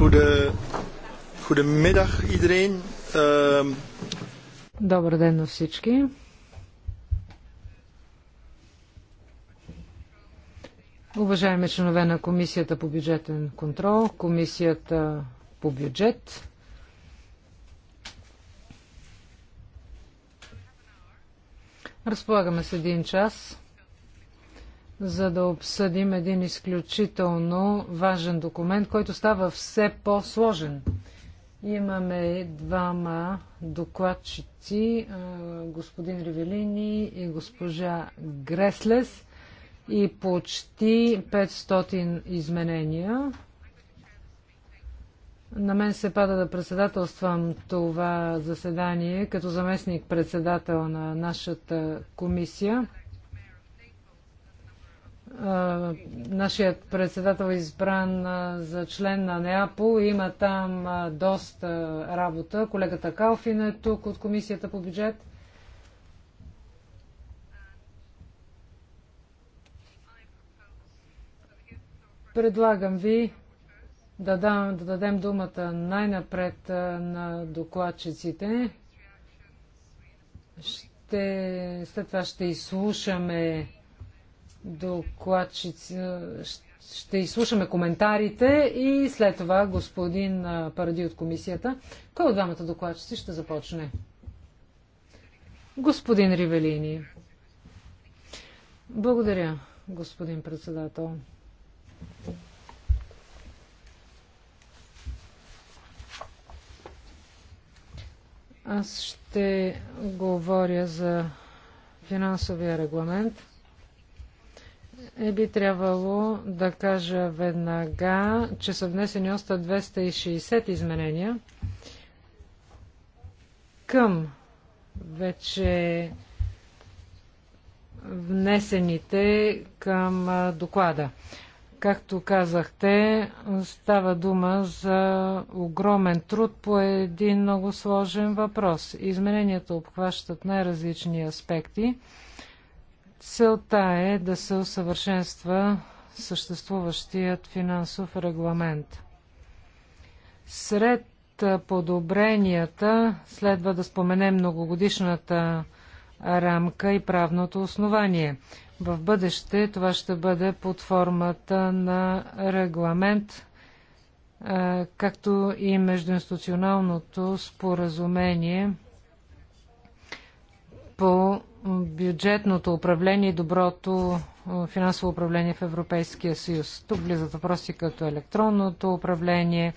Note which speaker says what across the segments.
Speaker 1: Goede, goedemiddag iedereen. Uh...
Speaker 2: Добър ден на всички. Уважаеми членове на Комисията по бюджетен контрол, Комисията по бюджет, разполагаме с един час за да обсъдим един изключително важен документ, който става все по-сложен. Имаме двама докладчици, господин Ревелини и госпожа Греслес и почти 500 изменения. На мен се пада да председателствам това заседание като заместник председател на нашата комисия нашият председател е избран за член на НЕАПО. Има там доста работа. Колегата Калфин е тук от Комисията по бюджет. Предлагам ви да, дам, да дадем думата най-напред на докладчиците. Ще, след това ще изслушаме докладчици ще изслушаме коментарите и след това господин Паради от комисията. Кой от двамата докладчици ще започне? Господин Ривелини. Благодаря, господин председател. Аз ще говоря за финансовия регламент. Е би трябвало да кажа веднага, че са внесени още 260 изменения към вече внесените към доклада. Както казахте, става дума за огромен труд по един много сложен въпрос. Измененията обхващат най-различни аспекти Целта е да се усъвършенства съществуващият финансов регламент. Сред подобренията следва да споменем многогодишната рамка и правното основание. В бъдеще това ще бъде под формата на регламент, както и междуинституционалното споразумение по бюджетното управление и доброто финансово управление в Европейския съюз. Тук влизат въпроси като електронното управление,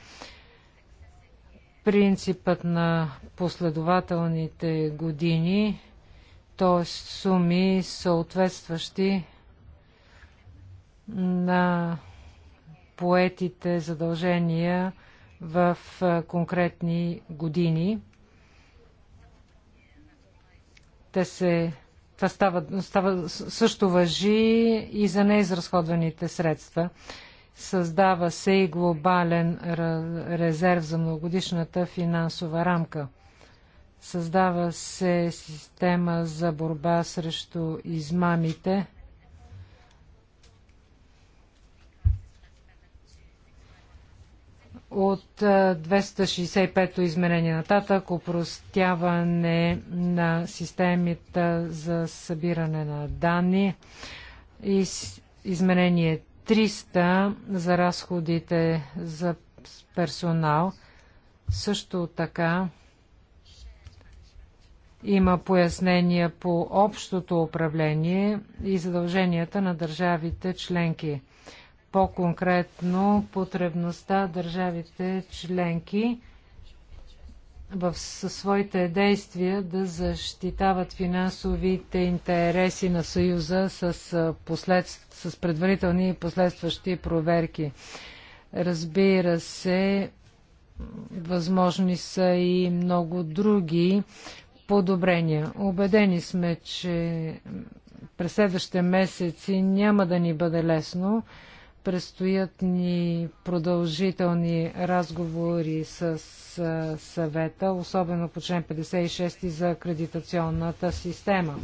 Speaker 2: принципът на последователните години, т.е. суми съответстващи на поетите задължения в конкретни години – те се, това става, става, също въжи и за неизразходваните средства. Създава се и глобален резерв за многогодишната финансова рамка. Създава се система за борба срещу измамите – от 265-то изменение нататък, упростяване на системите за събиране на данни и изменение 300 за разходите за персонал. Също така има пояснения по общото управление и задълженията на държавите членки по-конкретно потребността държавите членки в своите действия да защитават финансовите интереси на Съюза с, послед... с предварителни и последстващи проверки. Разбира се, възможни са и много други подобрения. Обедени сме, че през следващите месеци няма да ни бъде лесно Предстоят ни продължителни разговори с съвета, особено по член 56 за акредитационната система,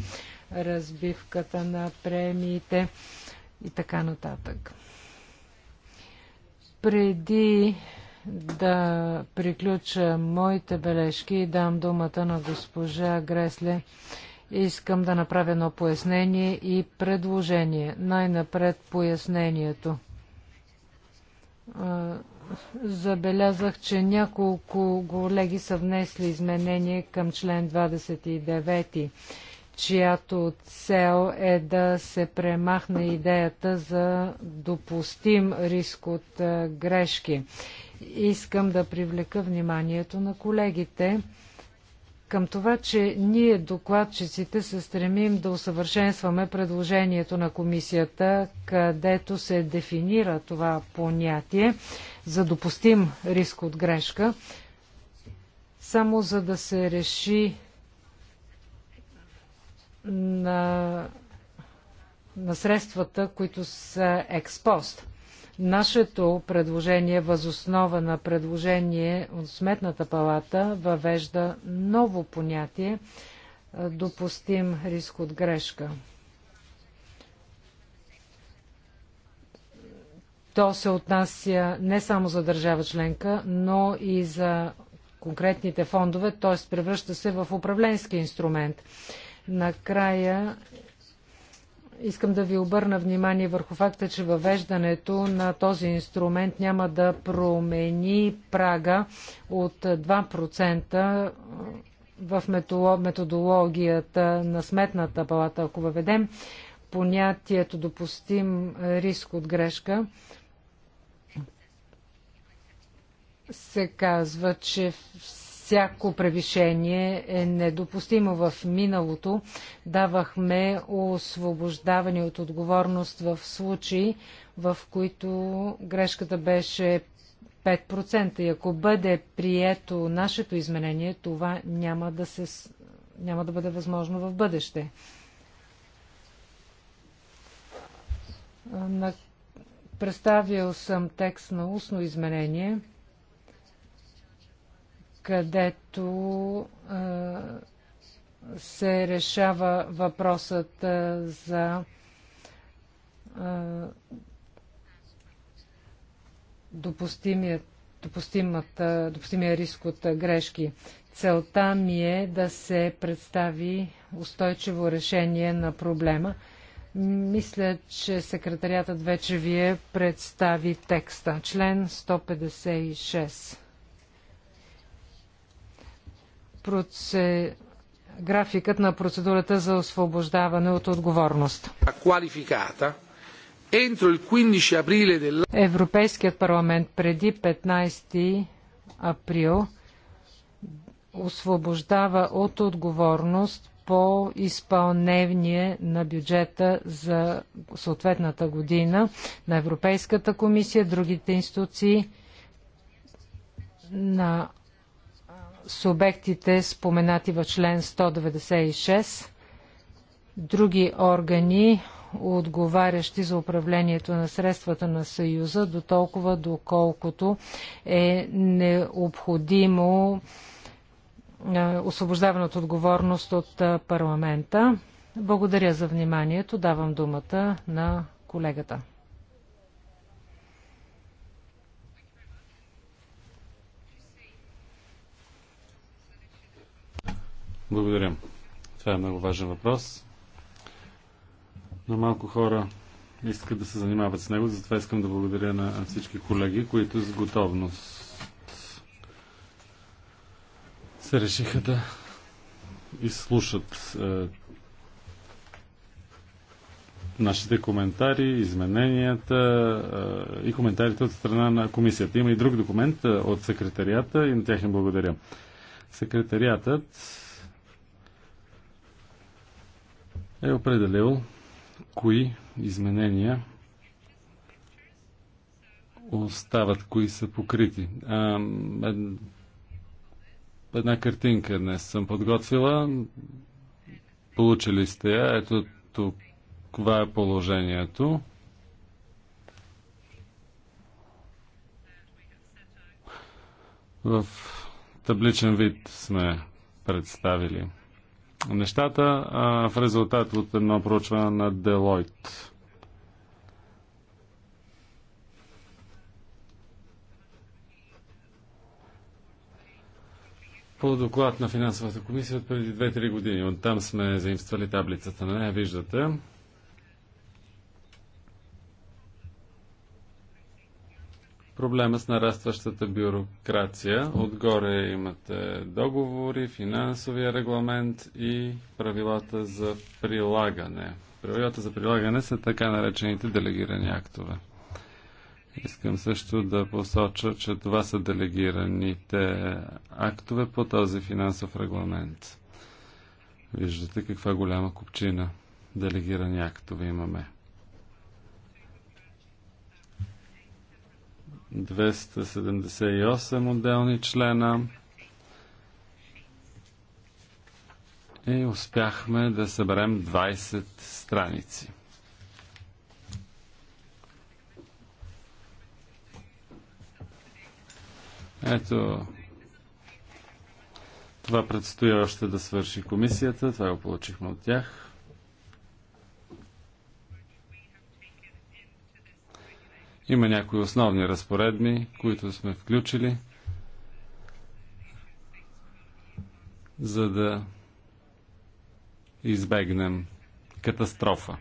Speaker 2: разбивката на премиите и така нататък. Преди да приключа моите бележки и дам думата на госпожа Гресле, искам да направя едно пояснение и предложение. Най-напред пояснението забелязах, че няколко колеги са внесли изменение към член 29, чиято цел е да се премахне идеята за допустим риск от грешки. Искам да привлека вниманието на колегите към това, че ние докладчиците се стремим да усъвършенстваме предложението на комисията, където се дефинира това понятие за допустим риск от грешка, само за да се реши на, на средствата, които са експост. Нашето предложение, възоснова на предложение от Сметната палата, въвежда ново понятие допустим риск от грешка. То се отнася не само за държава членка, но и за конкретните фондове, т.е. превръща се в управленски инструмент. Накрая искам да ви обърна внимание върху факта, че въвеждането на този инструмент няма да промени прага от 2% в методологията на сметната палата. Ако въведем понятието допустим риск от грешка, се казва, че всяко превишение е недопустимо. В миналото давахме освобождаване от отговорност в случаи, в които грешката беше 5%. И ако бъде прието нашето изменение, това няма да, се, няма да бъде възможно в бъдеще. Представил съм текст на устно изменение където се решава въпросът за допустимата, допустимия риск от грешки. Целта ми е да се представи устойчиво решение на проблема. Мисля, че секретарятът вече ви е представи текста. Член 156 проце... графикът на процедурата за освобождаване от отговорност. Европейският парламент преди 15 април освобождава от отговорност по изпълнение на бюджета за съответната година на Европейската комисия, другите институции на субектите, споменати в член 196, други органи, отговарящи за управлението на средствата на Съюза, до толкова доколкото е необходимо е, освобождаване от отговорност от е, парламента. Благодаря за вниманието. Давам думата на колегата.
Speaker 3: Благодаря. Това е много важен въпрос. Но малко хора искат да се занимават с него, затова искам да благодаря на всички колеги, които с готовност се решиха да изслушат е, нашите коментари, измененията е, и коментарите от страна на комисията. Има и друг документ е, от секретарията и на тях им благодаря. Секретариатът е определил кои изменения остават, кои са покрити. А, една картинка днес съм подготвила. Получили сте я. Ето тук. Това е положението. В табличен вид сме представили нещата а, в резултат от едно проучване на Делойт. По доклад на финансовата комисия от преди 2-3 години. Оттам сме заимствали таблицата. на нея, виждате. проблема с нарастващата бюрокрация. Отгоре имате договори, финансовия регламент и правилата за прилагане. Правилата за прилагане са така наречените делегирани актове. Искам също да посоча, че това са делегираните актове по този финансов регламент. Виждате каква голяма купчина делегирани актове имаме. 278 отделни члена. И успяхме да съберем 20 страници. Ето, това предстои още да свърши комисията. Това го получихме от тях. Има някои основни разпоредби, които сме включили, за да избегнем катастрофа.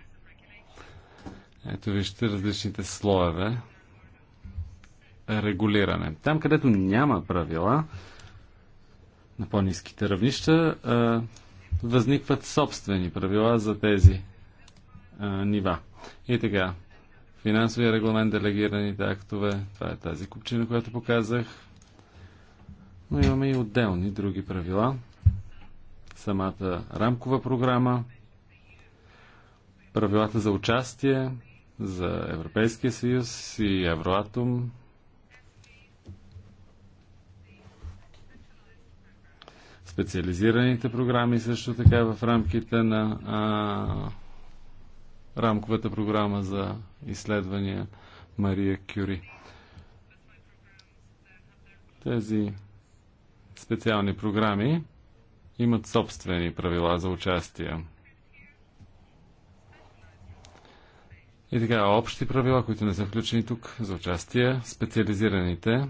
Speaker 3: Ето вижте различните слоеве регулиране. Там, където няма правила на по-низките равнища, възникват собствени правила за тези нива. И така, финансовия регламент, делегираните актове. Това е тази купчина, която показах. Но имаме и отделни други правила. Самата рамкова програма, правилата за участие, за Европейския съюз и Евроатом, специализираните програми също така в рамките на а, рамковата програма за изследвания Мария Кюри. Тези специални програми имат собствени правила за участие. И така, общи правила, които не са включени тук за участие, специализираните,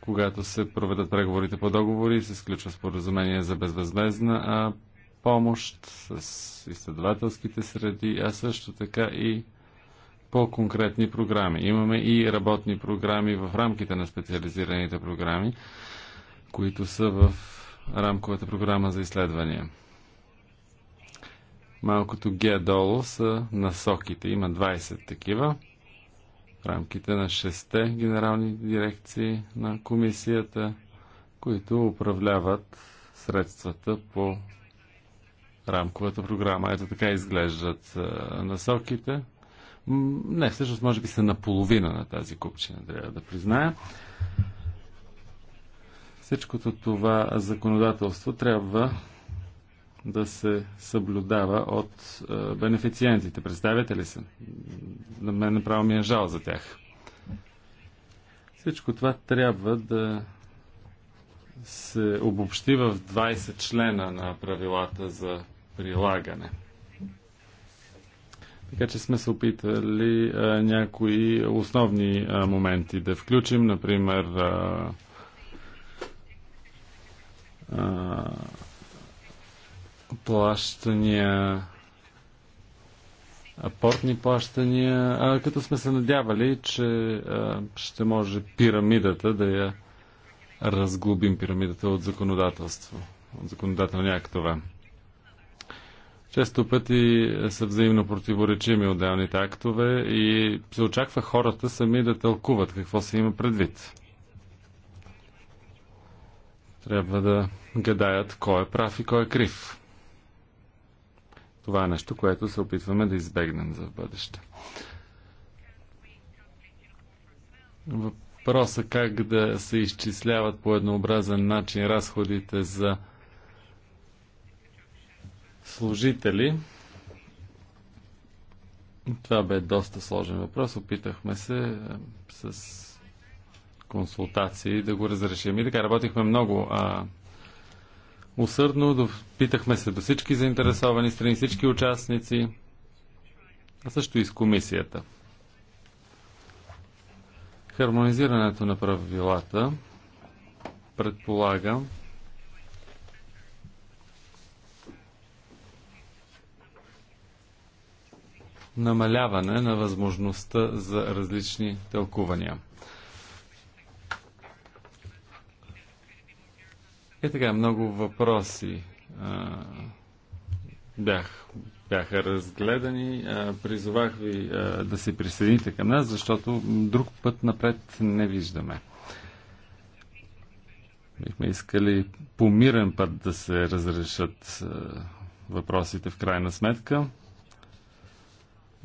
Speaker 3: когато се проведат преговорите по договори, се сключва споразумение за безвъзмезна помощ с изследователските среди, а също така и по-конкретни програми. Имаме и работни програми в рамките на специализираните програми, които са в рамковата програма за изследвания. Малкото ГЕ долу са насоките. Има 20 такива в рамките на 6 генерални дирекции на комисията, които управляват средствата по рамковата програма. Ето така изглеждат насоките. Не, всъщност може би са наполовина на тази купчина, трябва да призная. Всичкото това законодателство трябва да се съблюдава от бенефициентите. Представете ли се? На мен направо ми е жал за тях. Всичко това трябва да се обобщи в 20 члена на правилата за прилагане. Така че сме се опитали а, някои основни а, моменти да включим, например а, а, плащания, портни плащания, а, като сме се надявали, че а, ще може пирамидата да я разглобим пирамидата от законодателство, от законодателни актове. Често пъти са взаимно противоречими отделните актове и се очаква хората сами да тълкуват какво се има предвид. Трябва да гадаят кой е прав и кой е крив. Това е нещо, което се опитваме да избегнем за бъдеще. Въпросът как да се изчисляват по еднообразен начин разходите за служители. Това бе доста сложен въпрос. Опитахме се е, с консултации да го разрешим. И така работихме много а, усърдно, питахме се до всички заинтересовани страни, всички участници, а също и с комисията. Хармонизирането на правилата предполага намаляване на възможността за различни тълкувания. И така, много въпроси а, бях, бяха разгледани. А, призовах ви а, да се присъедините към нас, защото друг път напред не виждаме. Бихме искали по мирен път да се разрешат а, въпросите в крайна сметка.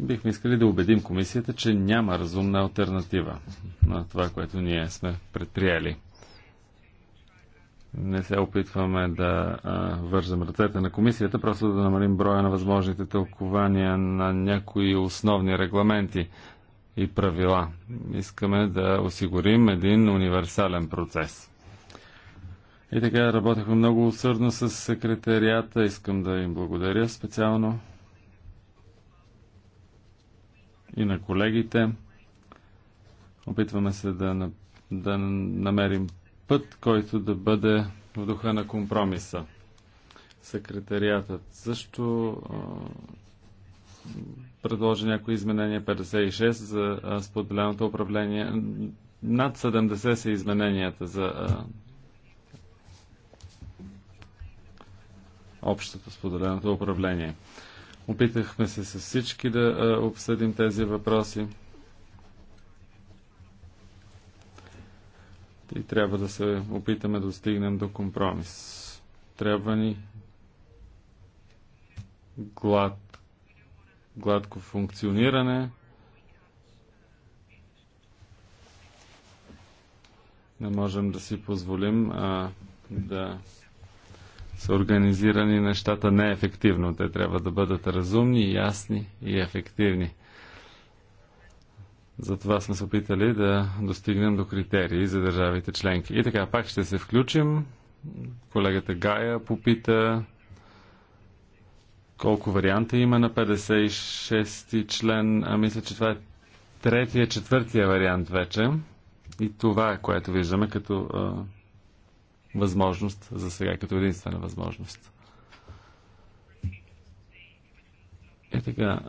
Speaker 3: Бихме искали да убедим комисията, че няма разумна альтернатива на това, което ние сме предприели. Не се опитваме да а, вържем ръцете на комисията, просто да намалим броя на възможните тълкования на някои основни регламенти и правила. Искаме да осигурим един универсален процес. И така работехме много усърдно с секретарията. Искам да им благодаря специално и на колегите. Опитваме се да, да намерим път, който да бъде в духа на компромиса. Секретариатът също предложи някои изменения 56 за споделеното управление. Над 70 са измененията за общото споделеното управление. Опитахме се с всички да обсъдим тези въпроси. И трябва да се опитаме да стигнем до компромис. Трябва ни глад, гладко функциониране не можем да си позволим а, да са организирани нещата неефективно. Те трябва да бъдат разумни, ясни и ефективни. Затова сме се опитали да достигнем до критерии за държавите членки. И така, пак ще се включим. Колегата Гая попита колко варианта има на 56-ти член. А мисля, че това е третия, четвъртия вариант вече. И това е което виждаме като възможност за сега, като единствена възможност. Е така,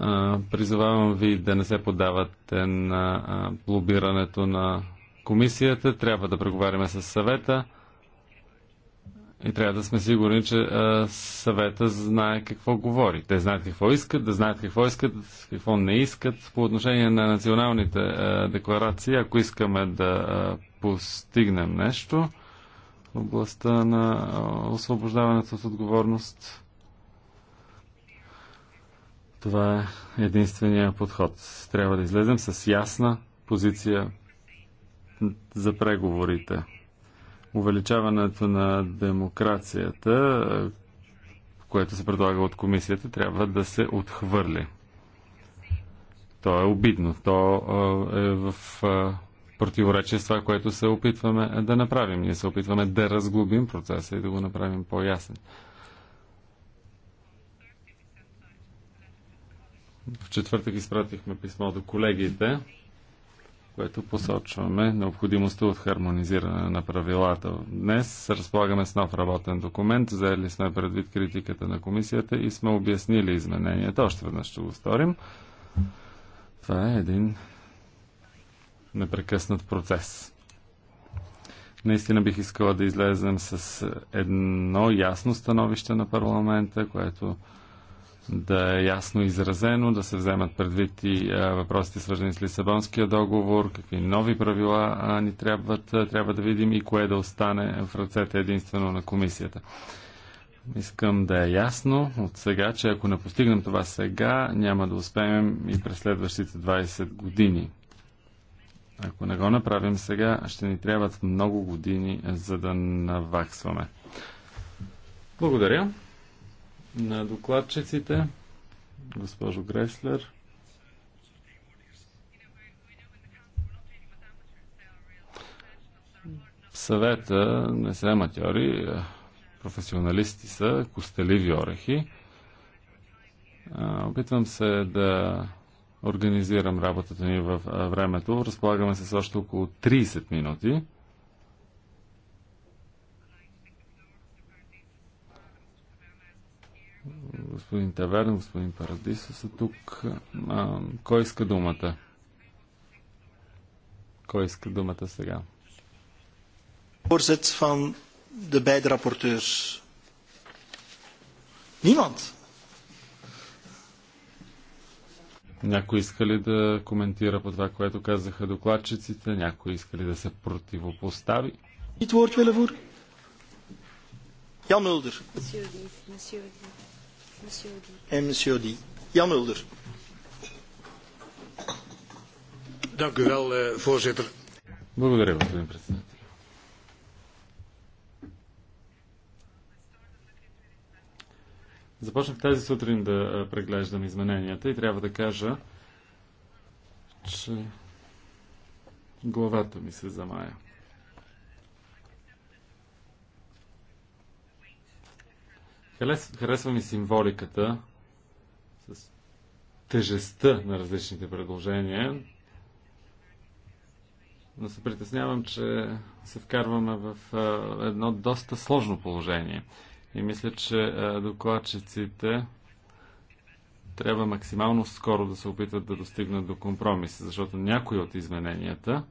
Speaker 3: призовавам ви да не се подавате на лобирането на комисията. Трябва да преговаряме с съвета и трябва да сме сигурни, че съвета знае какво говори. Те знаят какво искат, да знаят какво искат, какво не искат. По отношение на националните декларации, ако искаме да постигнем нещо, областта на освобождаването от отговорност. Това е единствения подход. Трябва да излезем с ясна позиция за преговорите. Увеличаването на демокрацията, което се предлага от комисията, трябва да се отхвърли. То е обидно. То е в противоречие с това, което се опитваме да направим. Ние се опитваме да разглобим процеса и да го направим по-ясен. В четвъртък изпратихме писмо до колегите, което посочваме необходимостта от хармонизиране на правилата. Днес разполагаме с нов работен документ, взели сме предвид критиката на комисията и сме обяснили измененията. Още веднъж ще го сторим. Това е един непрекъснат процес. Наистина бих искала да излезем с едно ясно становище на парламента, което да е ясно изразено, да се вземат предвид и въпросите свързани с Лисабонския договор, какви нови правила ни трябват, трябва да видим и кое да остане в ръцете единствено на комисията. Искам да е ясно от сега, че ако не постигнем това сега, няма да успеем и през следващите 20 години. Ако не го направим сега, ще ни трябват много години, за да наваксваме. Благодаря на докладчиците, госпожо Греслер. Съвета не са аматьори, професионалисти са, костеливи орехи. Опитвам се да организирам работата ни в времето. Разполагаме се с още около 30 минути. Господин Таверн, господин Парадисо са тук. А, кой иска думата? Кой иска думата сега? Voorzit van de beide rapporteurs. Niemand. Някои искали да коментира по това, което казаха докладчиците? някои искали да се противопостави?
Speaker 1: И woord willen voeren? Jan Mulder. Monsieur Odi. Monsieur u wel, eh, voorzitter.
Speaker 3: Благодаря, господин председател. Започнах тази сутрин да преглеждам измененията и трябва да кажа, че главата ми се замая. Харесва ми символиката с тежестта на различните предложения, но се притеснявам, че се вкарваме в едно доста сложно положение – и мисля, че докладчиците трябва максимално скоро да се опитат да достигнат до компромис, защото някои от измененията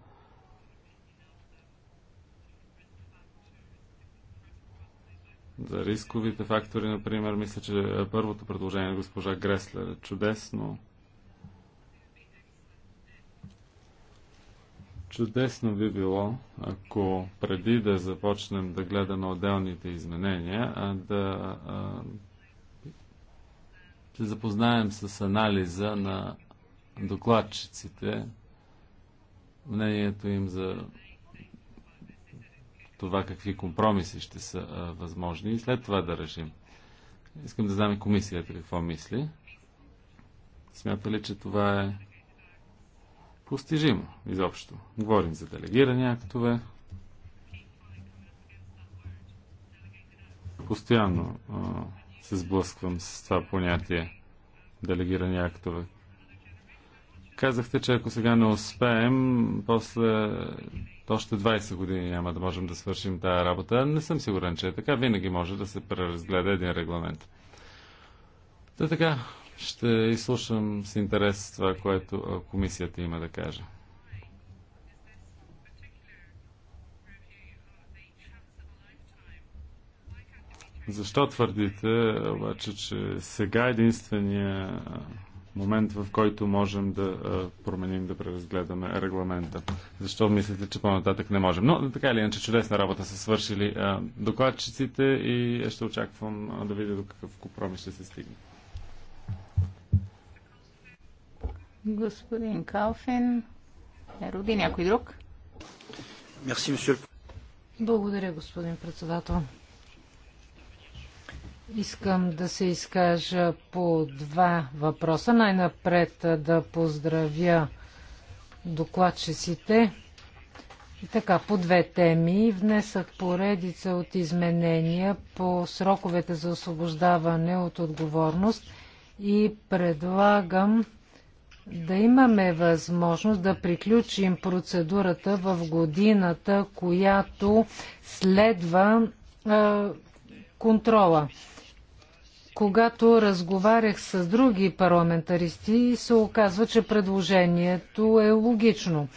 Speaker 3: за рисковите фактори, например, мисля, че първото предложение на госпожа Греслер е чудесно. Чудесно би било, ако преди да започнем да гледаме отделните изменения, а да а, се запознаем с анализа на докладчиците, мнението им за това какви компромиси ще са а, възможни и след това да решим. Искам да знаме и комисията какво мисли. Смята ли, че това е постижимо изобщо. Говорим за делегирани актове. Постоянно а, се сблъсквам с това понятие делегирани актове. Казахте, че ако сега не успеем, после още 20 години няма да можем да свършим тая работа. Не съм сигурен, че е така. Винаги може да се преразгледа един регламент. Та така, ще изслушам с интерес това, което комисията има да каже. Защо твърдите обаче, че сега е единствения момент, в който можем да променим, да преразгледаме регламента? Защо мислите, че по-нататък не можем? Но така или иначе чудесна работа са свършили докладчиците и ще очаквам да видя до какъв компромис ще се стигне.
Speaker 4: Господин
Speaker 2: Калфин. Е, роди някой друг. Благодаря, господин председател. Искам да се изкажа по два въпроса. Най-напред да поздравя докладчиците. И така, по две теми внесах поредица от изменения по сроковете за освобождаване от отговорност и предлагам да имаме възможност да приключим процедурата в годината, която следва а, контрола. Когато разговарях с други парламентаристи, се оказва, че предложението е логично.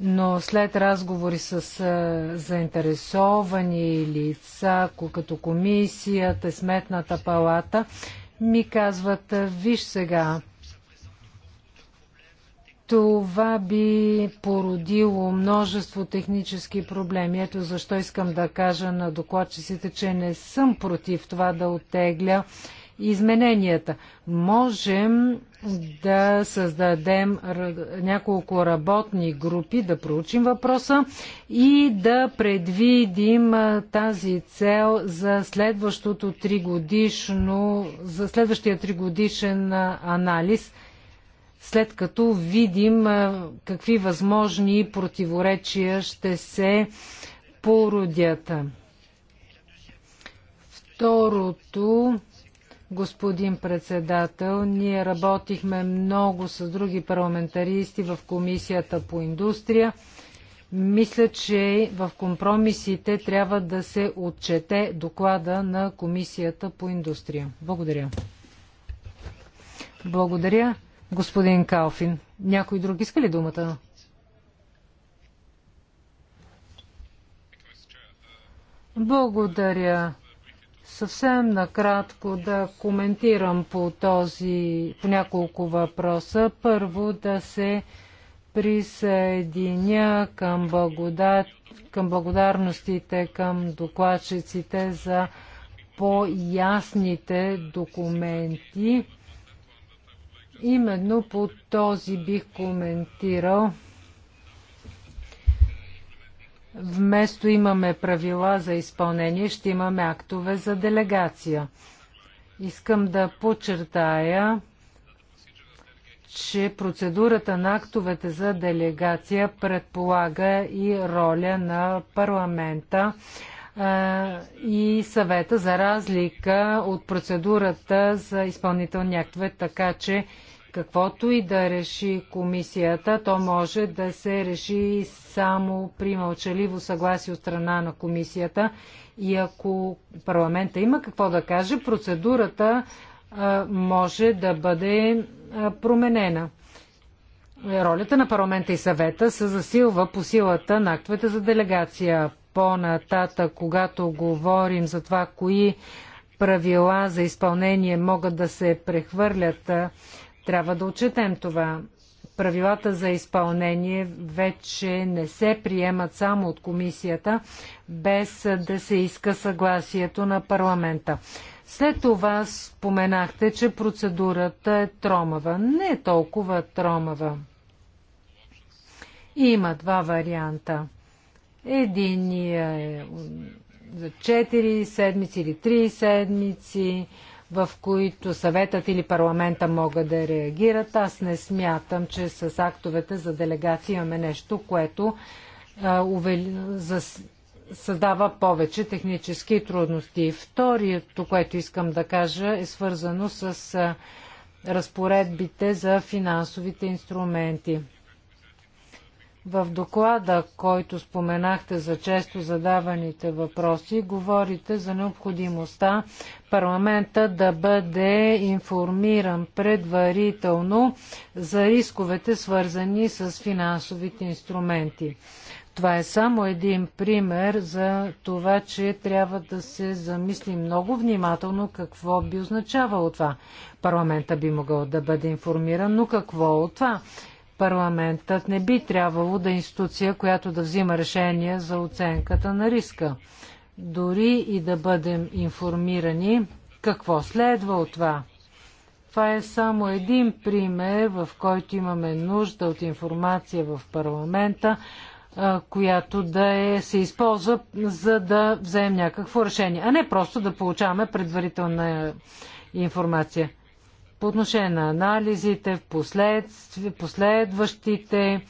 Speaker 2: Но след разговори с е, заинтересовани лица, като комисията, сметната палата, ми казват, виж сега, това би породило множество технически проблеми. Ето защо искам да кажа на докладчиците, че не съм против това да оттегля измененията. Можем да създадем няколко работни групи, да проучим въпроса и да предвидим тази цел за следващото тригодишно, за следващия тригодишен анализ – след като видим какви възможни противоречия ще се породят. Второто, господин председател, ние работихме много с други парламентаристи в Комисията по индустрия. Мисля, че в компромисите трябва да се отчете доклада на Комисията по индустрия. Благодаря. Благодаря господин Калфин. Някой друг иска ли думата? Благодаря. Съвсем накратко да коментирам по този, по няколко въпроса. Първо да се присъединя към, благодат, към благодарностите към докладчиците за по-ясните документи Именно по този бих коментирал. Вместо имаме правила за изпълнение, ще имаме актове за делегация. Искам да подчертая, че процедурата на актовете за делегация предполага и роля на парламента и съвета за разлика от процедурата за изпълнителни актове, така че Каквото и да реши комисията, то може да се реши само при мълчаливо съгласие от страна на комисията. И ако парламента има какво да каже, процедурата а, може да бъде а, променена. Ролята на парламента и съвета се засилва по силата на актовете за делегация. По-нататък, когато говорим за това, кои правила за изпълнение могат да се прехвърлят трябва да отчетем това. Правилата за изпълнение вече не се приемат само от комисията, без да се иска съгласието на парламента. След това споменахте, че процедурата е тромава. Не е толкова тромава. Има два варианта. Единия е за 4 седмици или 3 седмици в които съветът или парламента могат да реагират. Аз не смятам, че с актовете за делегация имаме нещо, което а, увел... за... създава повече технически трудности. Второто, което искам да кажа, е свързано с разпоредбите за финансовите инструменти. В доклада, който споменахте за често задаваните въпроси, говорите за необходимостта парламента да бъде информиран предварително за рисковете, свързани с финансовите инструменти. Това е само един пример за това, че трябва да се замисли много внимателно какво би означавало това. Парламента би могъл да бъде информиран, но какво от това? парламентът не би трябвало да е институция, която да взима решения за оценката на риска. Дори и да бъдем информирани какво следва от това. Това е само един пример, в който имаме нужда от информация в парламента, която да е, се използва за да вземем някакво решение, а не просто да получаваме предварителна информация по отношение на анализите, в последващите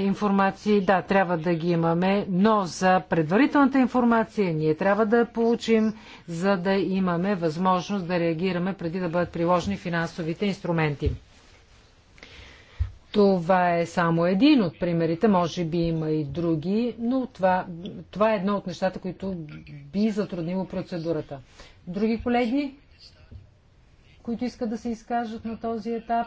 Speaker 2: информации, да, трябва да ги имаме, но за предварителната информация ние трябва да получим, за да имаме възможност да реагираме преди да бъдат приложени финансовите инструменти. Това е само един от примерите, може би има и други, но това, това е едно от нещата, които би затруднило процедурата. Други колеги? които искат да се изкажат на този етап.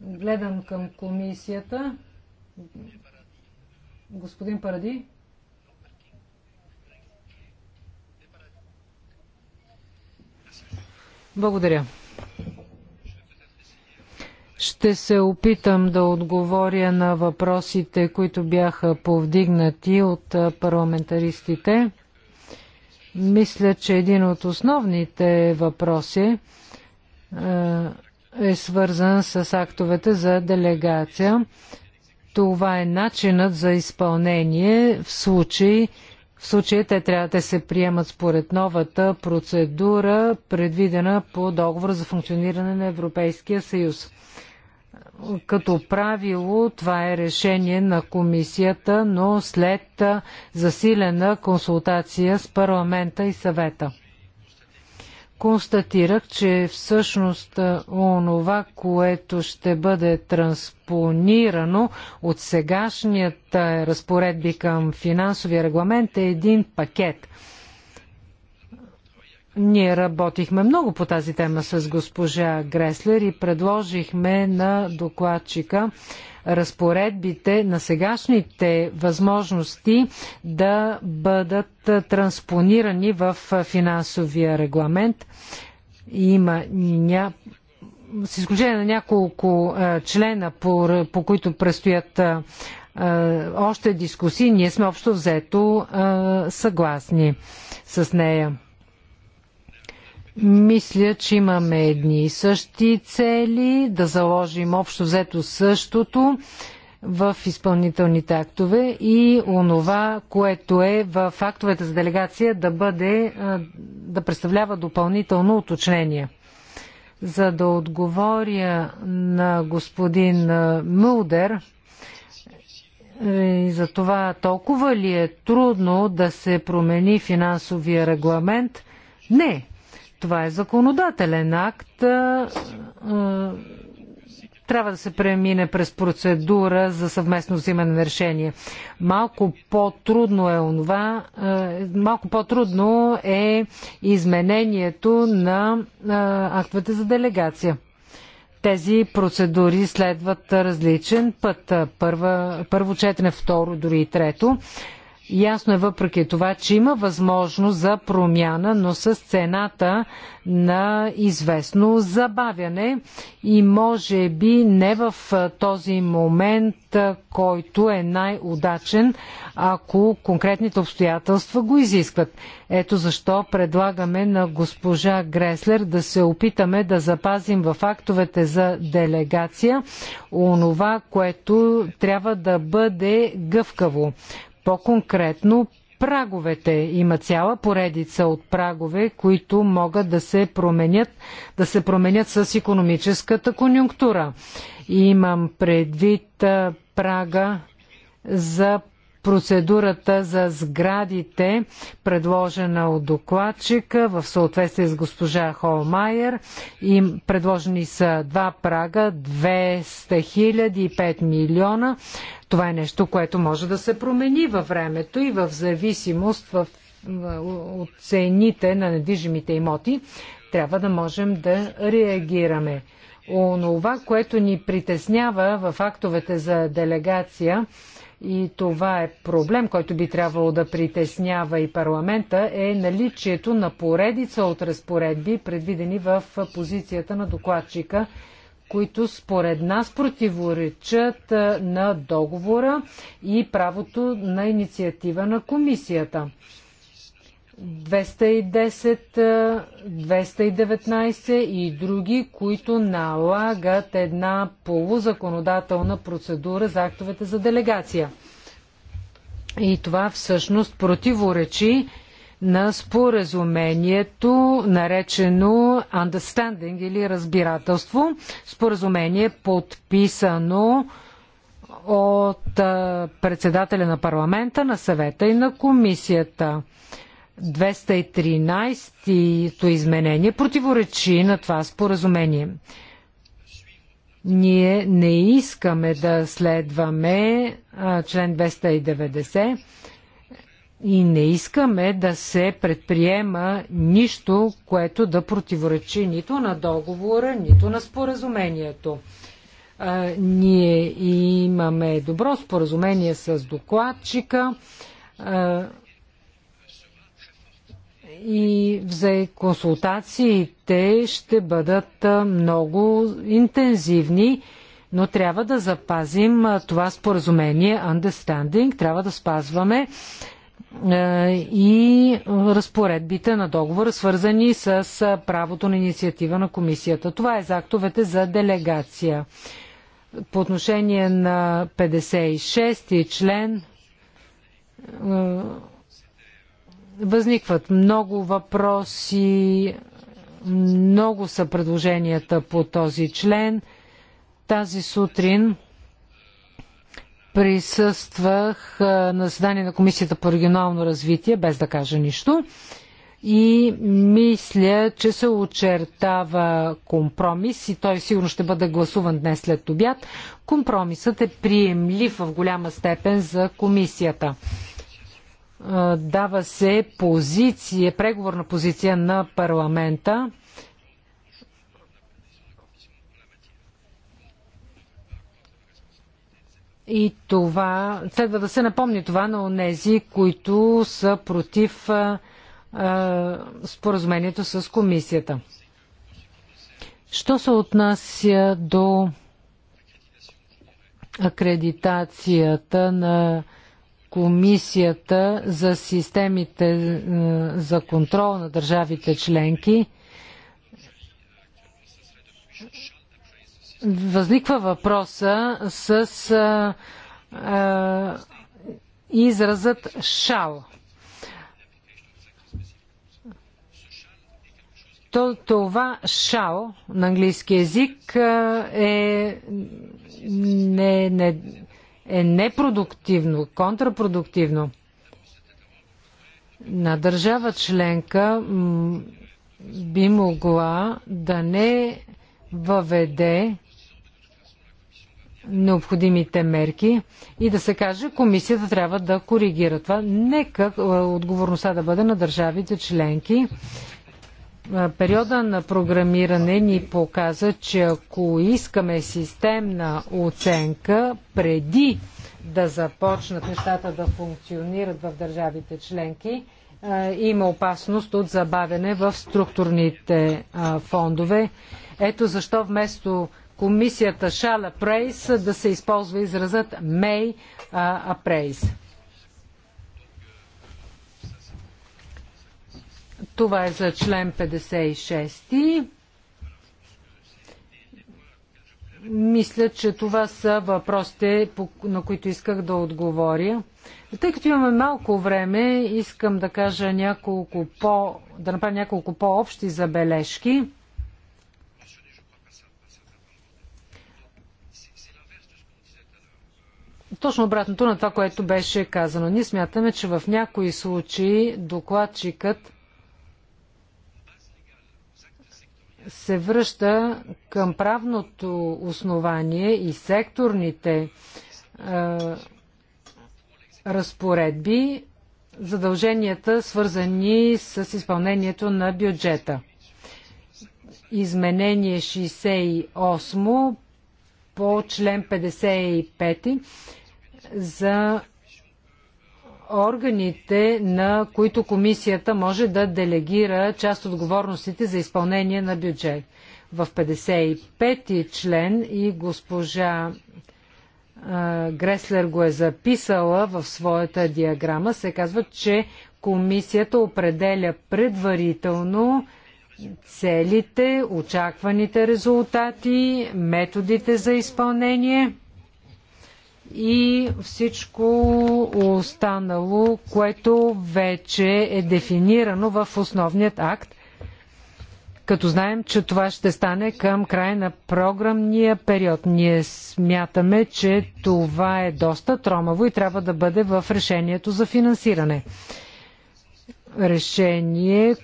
Speaker 2: Гледам към комисията. Господин Паради. Благодаря. Ще се опитам да отговоря на въпросите, които бяха повдигнати от парламентаристите. Мисля, че един от основните въпроси е, е свързан с актовете за делегация. Това е начинът за изпълнение в случай, в случай те трябва да се приемат според новата процедура, предвидена по договор за функциониране на Европейския съюз като правило това е решение на комисията, но след засилена консултация с парламента и съвета. Констатирах, че всъщност онова, което ще бъде транспонирано от сегашният разпоредби към финансовия регламент е един пакет – ние работихме много по тази тема с госпожа Греслер и предложихме на докладчика разпоредбите на сегашните възможности да бъдат транспонирани в финансовия регламент. Има ня... с изключение на няколко е, члена, по, по които предстоят е, е, още дискусии, ние сме общо взето съгласни с нея. Мисля, че имаме едни и същи цели, да заложим общо взето същото в изпълнителните актове и онова, което е в актовете за делегация да бъде, да представлява допълнително уточнение. За да отговоря на господин Мулдер, и е, за това толкова ли е трудно да се промени финансовия регламент? Не, това е законодателен акт. Трябва да се премине през процедура за съвместно взимане на решение. Малко по-трудно е онова, малко по-трудно е изменението на актовете за делегация тези процедури следват различен път. първо четене, второ, дори и трето. Ясно е въпреки това, че има възможност за промяна, но с цената на известно забавяне и може би не в този момент, който е най-удачен, ако конкретните обстоятелства го изискват. Ето защо предлагаме на госпожа Греслер да се опитаме да запазим в актовете за делегация онова, което трябва да бъде гъвкаво. По-конкретно, праговете има цяла поредица от прагове, които могат да се променят, да се променят с економическата конюнктура. Имам предвид прага за процедурата за сградите, предложена от докладчика в съответствие с госпожа Холмайер. предложени са два прага, 200 000 и 5 милиона. Това е нещо, което може да се промени във времето и в зависимост в, от цените на недвижимите имоти трябва да можем да реагираме. Онова, което ни притеснява в актовете за делегация, и това е проблем, който би трябвало да притеснява и парламента, е наличието на поредица от разпоредби, предвидени в позицията на докладчика, които според нас противоречат на договора и правото на инициатива на комисията. 210, 219 и други, които налагат една полузаконодателна процедура за актовете за делегация. И това всъщност противоречи на споразумението, наречено understanding или разбирателство. Споразумение подписано от председателя на парламента, на съвета и на комисията. 213-то изменение противоречи на това споразумение. Ние не искаме да следваме а, член 290 и не искаме да се предприема нищо, което да противоречи нито на договора, нито на споразумението. А, ние имаме добро споразумение с докладчика. А, и взе консултациите ще бъдат много интензивни, но трябва да запазим това споразумение, understanding, трябва да спазваме и разпоредбите на договора, свързани с правото на инициатива на комисията. Това е за актовете за делегация. По отношение на 56 член Възникват много въпроси, много са предложенията по този член. Тази сутрин присъствах на заседание на Комисията по регионално развитие, без да кажа нищо. И мисля, че се очертава компромис и той сигурно ще бъде гласуван днес след обяд. Компромисът е приемлив в голяма степен за комисията дава се позиция, преговорна позиция на парламента. И това следва да се напомни това на онези, които са против споразумението с комисията. Що се отнася до акредитацията на Комисията за системите е, за контрол на държавите членки, възниква въпроса с а, е, а, е, изразът шал. това шал на английски язик е не, не, е непродуктивно, контрапродуктивно. На държава членка би могла да не въведе необходимите мерки и да се каже, комисията трябва да коригира това. Нека е, отговорността да бъде на държавите членки Периода на програмиране ни показа, че ако искаме системна оценка преди да започнат нещата да функционират в държавите членки, има опасност от забавяне в структурните фондове. Ето защо вместо комисията Шала Прейс да се използва изразът Мей Апрейс. Това е за член 56. Мисля, че това са въпросите, на които исках да отговоря. Тъй като имаме малко време, искам да кажа няколко по, да направя няколко по-общи забележки. Точно обратното на това, което беше казано. Ние смятаме, че в някои случаи докладчикът се връща към правното основание и секторните а, е, разпоредби, задълженията свързани с изпълнението на бюджета. Изменение 68 по член 55 за органите, на които комисията може да делегира част от отговорностите за изпълнение на бюджет. В 55-ти член и госпожа Греслер го е записала в своята диаграма, се казва, че комисията определя предварително целите, очакваните резултати, методите за изпълнение и всичко останало, което вече е дефинирано в основният акт, като знаем, че това ще стане към края на програмния период. Ние смятаме, че това е доста тромаво и трябва да бъде в решението за финансиране. Решение,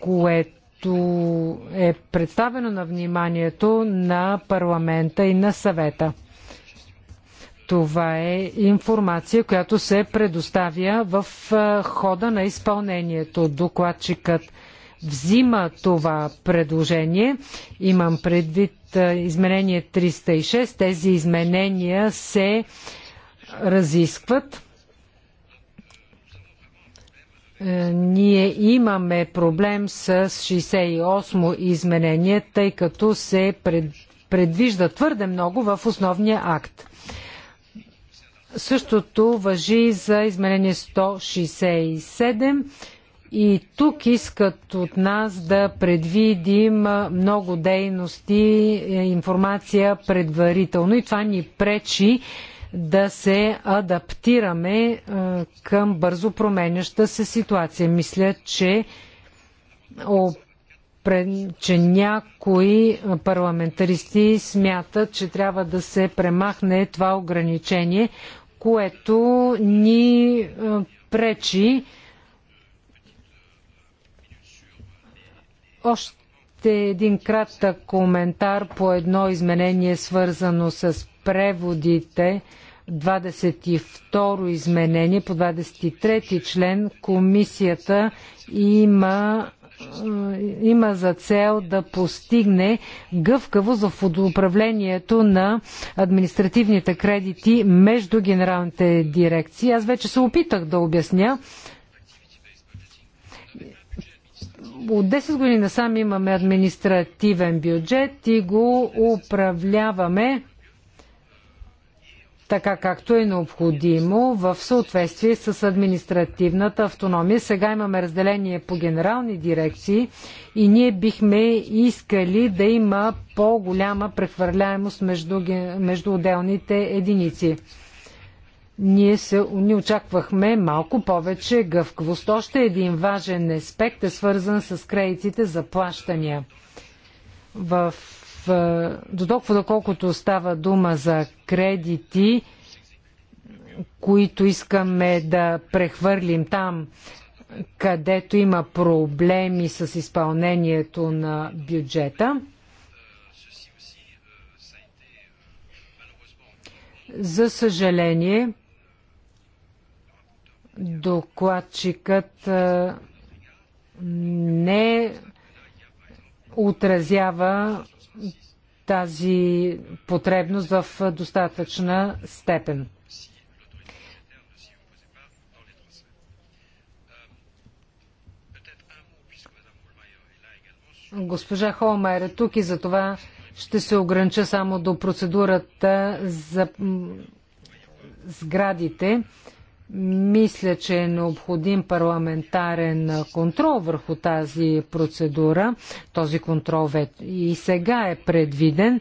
Speaker 2: което което е представено на вниманието на парламента и на съвета. Това е информация, която се предоставя в хода на изпълнението. Докладчикът взима това предложение. Имам предвид изменение 306. Тези изменения се разискват. Е, ние имаме проблем с 68 изменение, тъй като се предвижда твърде много в основния акт. Същото въжи за изменение 167 и тук искат от нас да предвидим много дейности, е, информация предварително и това ни пречи да се адаптираме е, към бързо променяща се ситуация. Мисля, че че някои парламентаристи смятат, че трябва да се премахне това ограничение, което ни е, пречи още един кратък коментар по едно изменение, свързано с преводите. 22 изменение по 23 член комисията има има за цел да постигне гъвкаво за управлението на административните кредити между генералните дирекции. Аз вече се опитах да обясня. От 10 години насам имаме административен бюджет и го управляваме така както е необходимо в съответствие с административната автономия. Сега имаме разделение по генерални дирекции и ние бихме искали да има по-голяма прехвърляемост между, между отделните единици. Ние, се, ни очаквахме малко повече гъвкавост. Още един важен аспект е свързан с кредитите за плащания. В до толкова доколкото става дума за кредити, които искаме да прехвърлим там, където има проблеми с изпълнението на бюджета. За съжаление, докладчикът не отразява тази потребност в достатъчна степен. Госпожа Холмайер е тук и за това ще се огранича само до процедурата за сградите. Мисля, че е необходим парламентарен контрол върху тази процедура. Този контрол и сега е предвиден.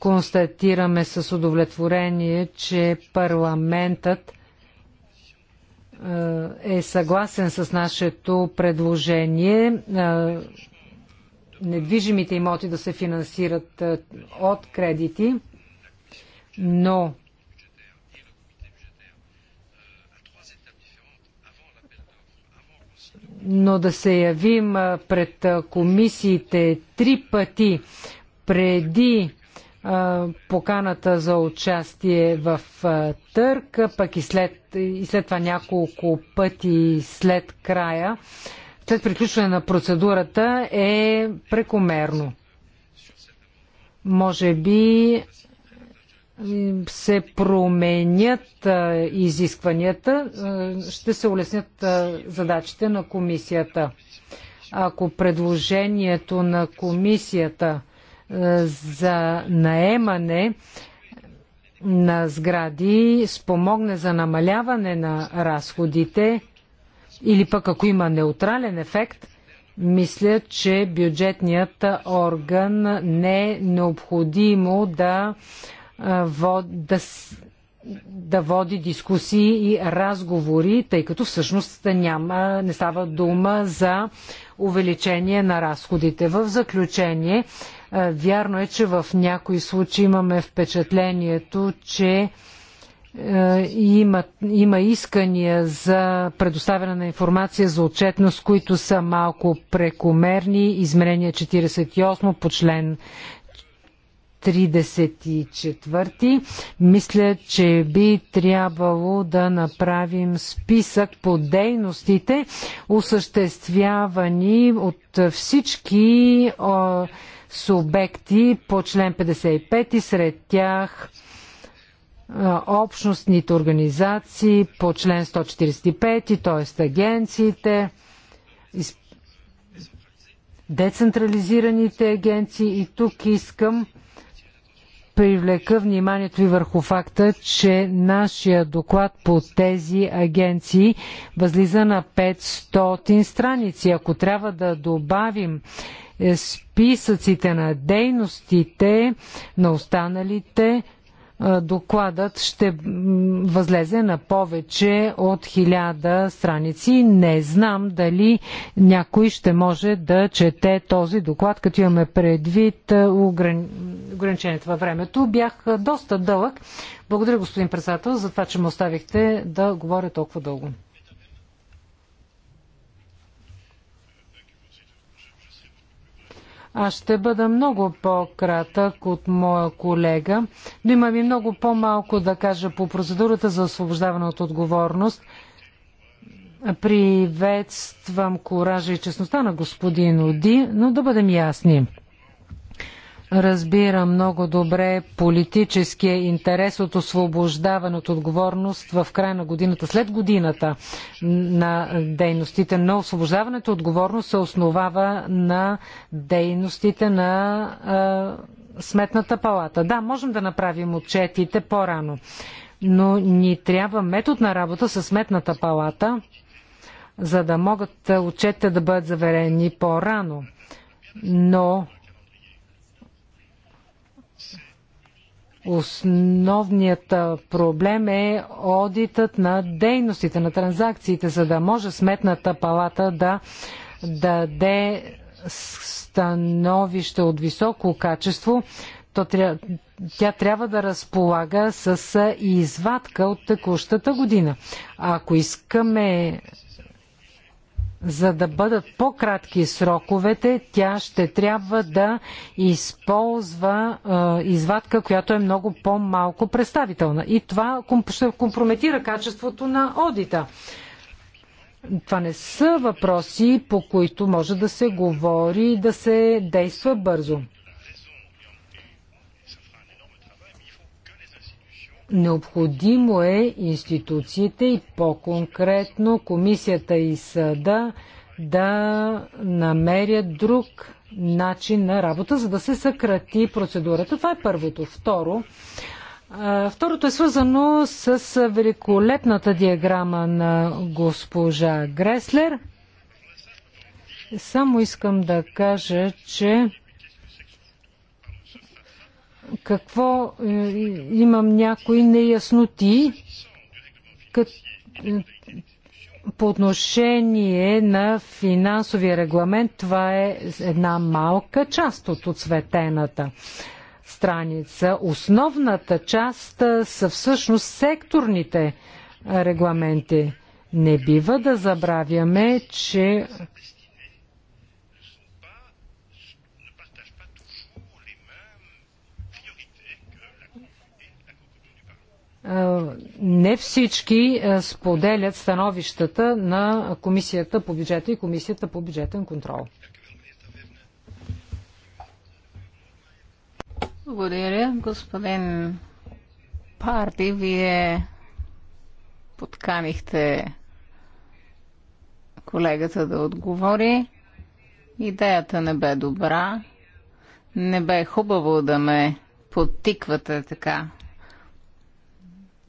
Speaker 2: Констатираме с удовлетворение, че парламентът е, е съгласен с нашето предложение е, недвижимите имоти да се финансират е, от кредити, но но да се явим пред комисиите три пъти преди поканата за участие в търк, пък и след, и след това няколко пъти след края, след приключване на процедурата е прекомерно. Може би Ами, се променят изискванията, ще се улеснят задачите на комисията. Ако предложението на комисията за наемане на сгради спомогне за намаляване на разходите или пък ако има неутрален ефект, мисля, че бюджетният орган не е необходимо да да, да води дискусии и разговори, тъй като всъщност няма, не става дума за увеличение на разходите. В заключение, вярно е, че в някои случаи имаме впечатлението, че има, има искания за предоставяне на информация за отчетност, които са малко прекомерни. Измерение 48 по член 34. Мисля, че би трябвало да направим списък по дейностите, осъществявани от всички о, субекти по член 55 и сред тях общностните организации по член 145, т.е. агенциите, децентрализираните агенции и тук искам привлека вниманието ви върху факта, че нашия доклад по тези агенции възлиза на 500 страници. Ако трябва да добавим е, списъците на дейностите на останалите, докладът ще възлезе на повече от хиляда страници. Не знам дали някой ще може да чете този доклад, като имаме предвид ограничението във времето. Бях доста дълъг. Благодаря, господин председател, за това, че ме оставихте да говоря толкова дълго. Аз ще бъда много по-кратък от моя колега, но имам и много по-малко да кажа по процедурата за освобождаване от отговорност. Приветствам коража и честността на господин Оди, но да бъдем ясни – разбира много добре политическия интерес от освобождаване от отговорност в края на годината, след годината на дейностите, но освобождаването от отговорност се основава на дейностите на а, Сметната палата. Да, можем да направим отчетите по-рано, но ни трябва метод на работа с Сметната палата, за да могат отчетите да бъдат заверени по-рано. Но Основният проблем е одитът на дейностите, на транзакциите, за да може сметната палата да даде становище от високо качество, то тря... тя трябва да разполага с извадка от текущата година. Ако искаме за да бъдат по-кратки сроковете, тя ще трябва да използва е, извадка, която е много по-малко представителна. И това ще компрометира качеството на одита. Това не са въпроси, по които може да се говори и да се действа бързо. Необходимо е институциите и по-конкретно комисията и съда да намерят друг начин на работа, за да се съкрати процедурата. Това е първото. Второ, Второто е свързано с великолепната диаграма на госпожа Греслер. Само искам да кажа, че какво е, имам някои неясноти кът, е, по отношение на финансовия регламент. Това е една малка част от оцветената страница. Основната част е, са всъщност секторните регламенти. Не бива да забравяме, че Е, не всички е, споделят становищата на Комисията по бюджета и Комисията по бюджетен контрол. Благодаря, господин
Speaker 4: Парти. Вие подканихте колегата да отговори. Идеята не бе добра. Не бе хубаво да ме подтиквате така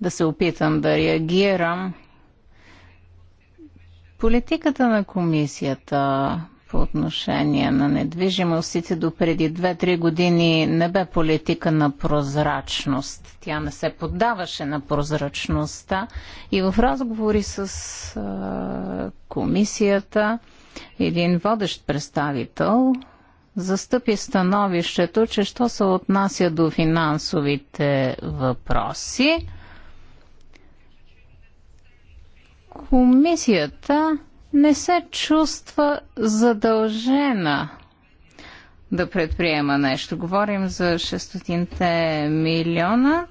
Speaker 4: да се опитам да реагирам. Политиката на комисията по отношение на недвижимостите до преди 2-3 години не бе политика на прозрачност. Тя не се поддаваше на прозрачността и в разговори с а, комисията един водещ представител застъпи становището, че що се отнася до финансовите въпроси, Комисията не се чувства задължена да предприема нещо. Говорим за 600 милиона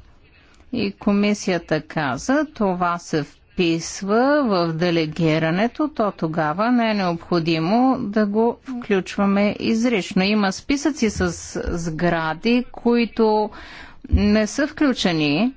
Speaker 4: и комисията каза, това се вписва в делегирането, то тогава не е необходимо да го включваме изрично. Има списъци с сгради, които не са включени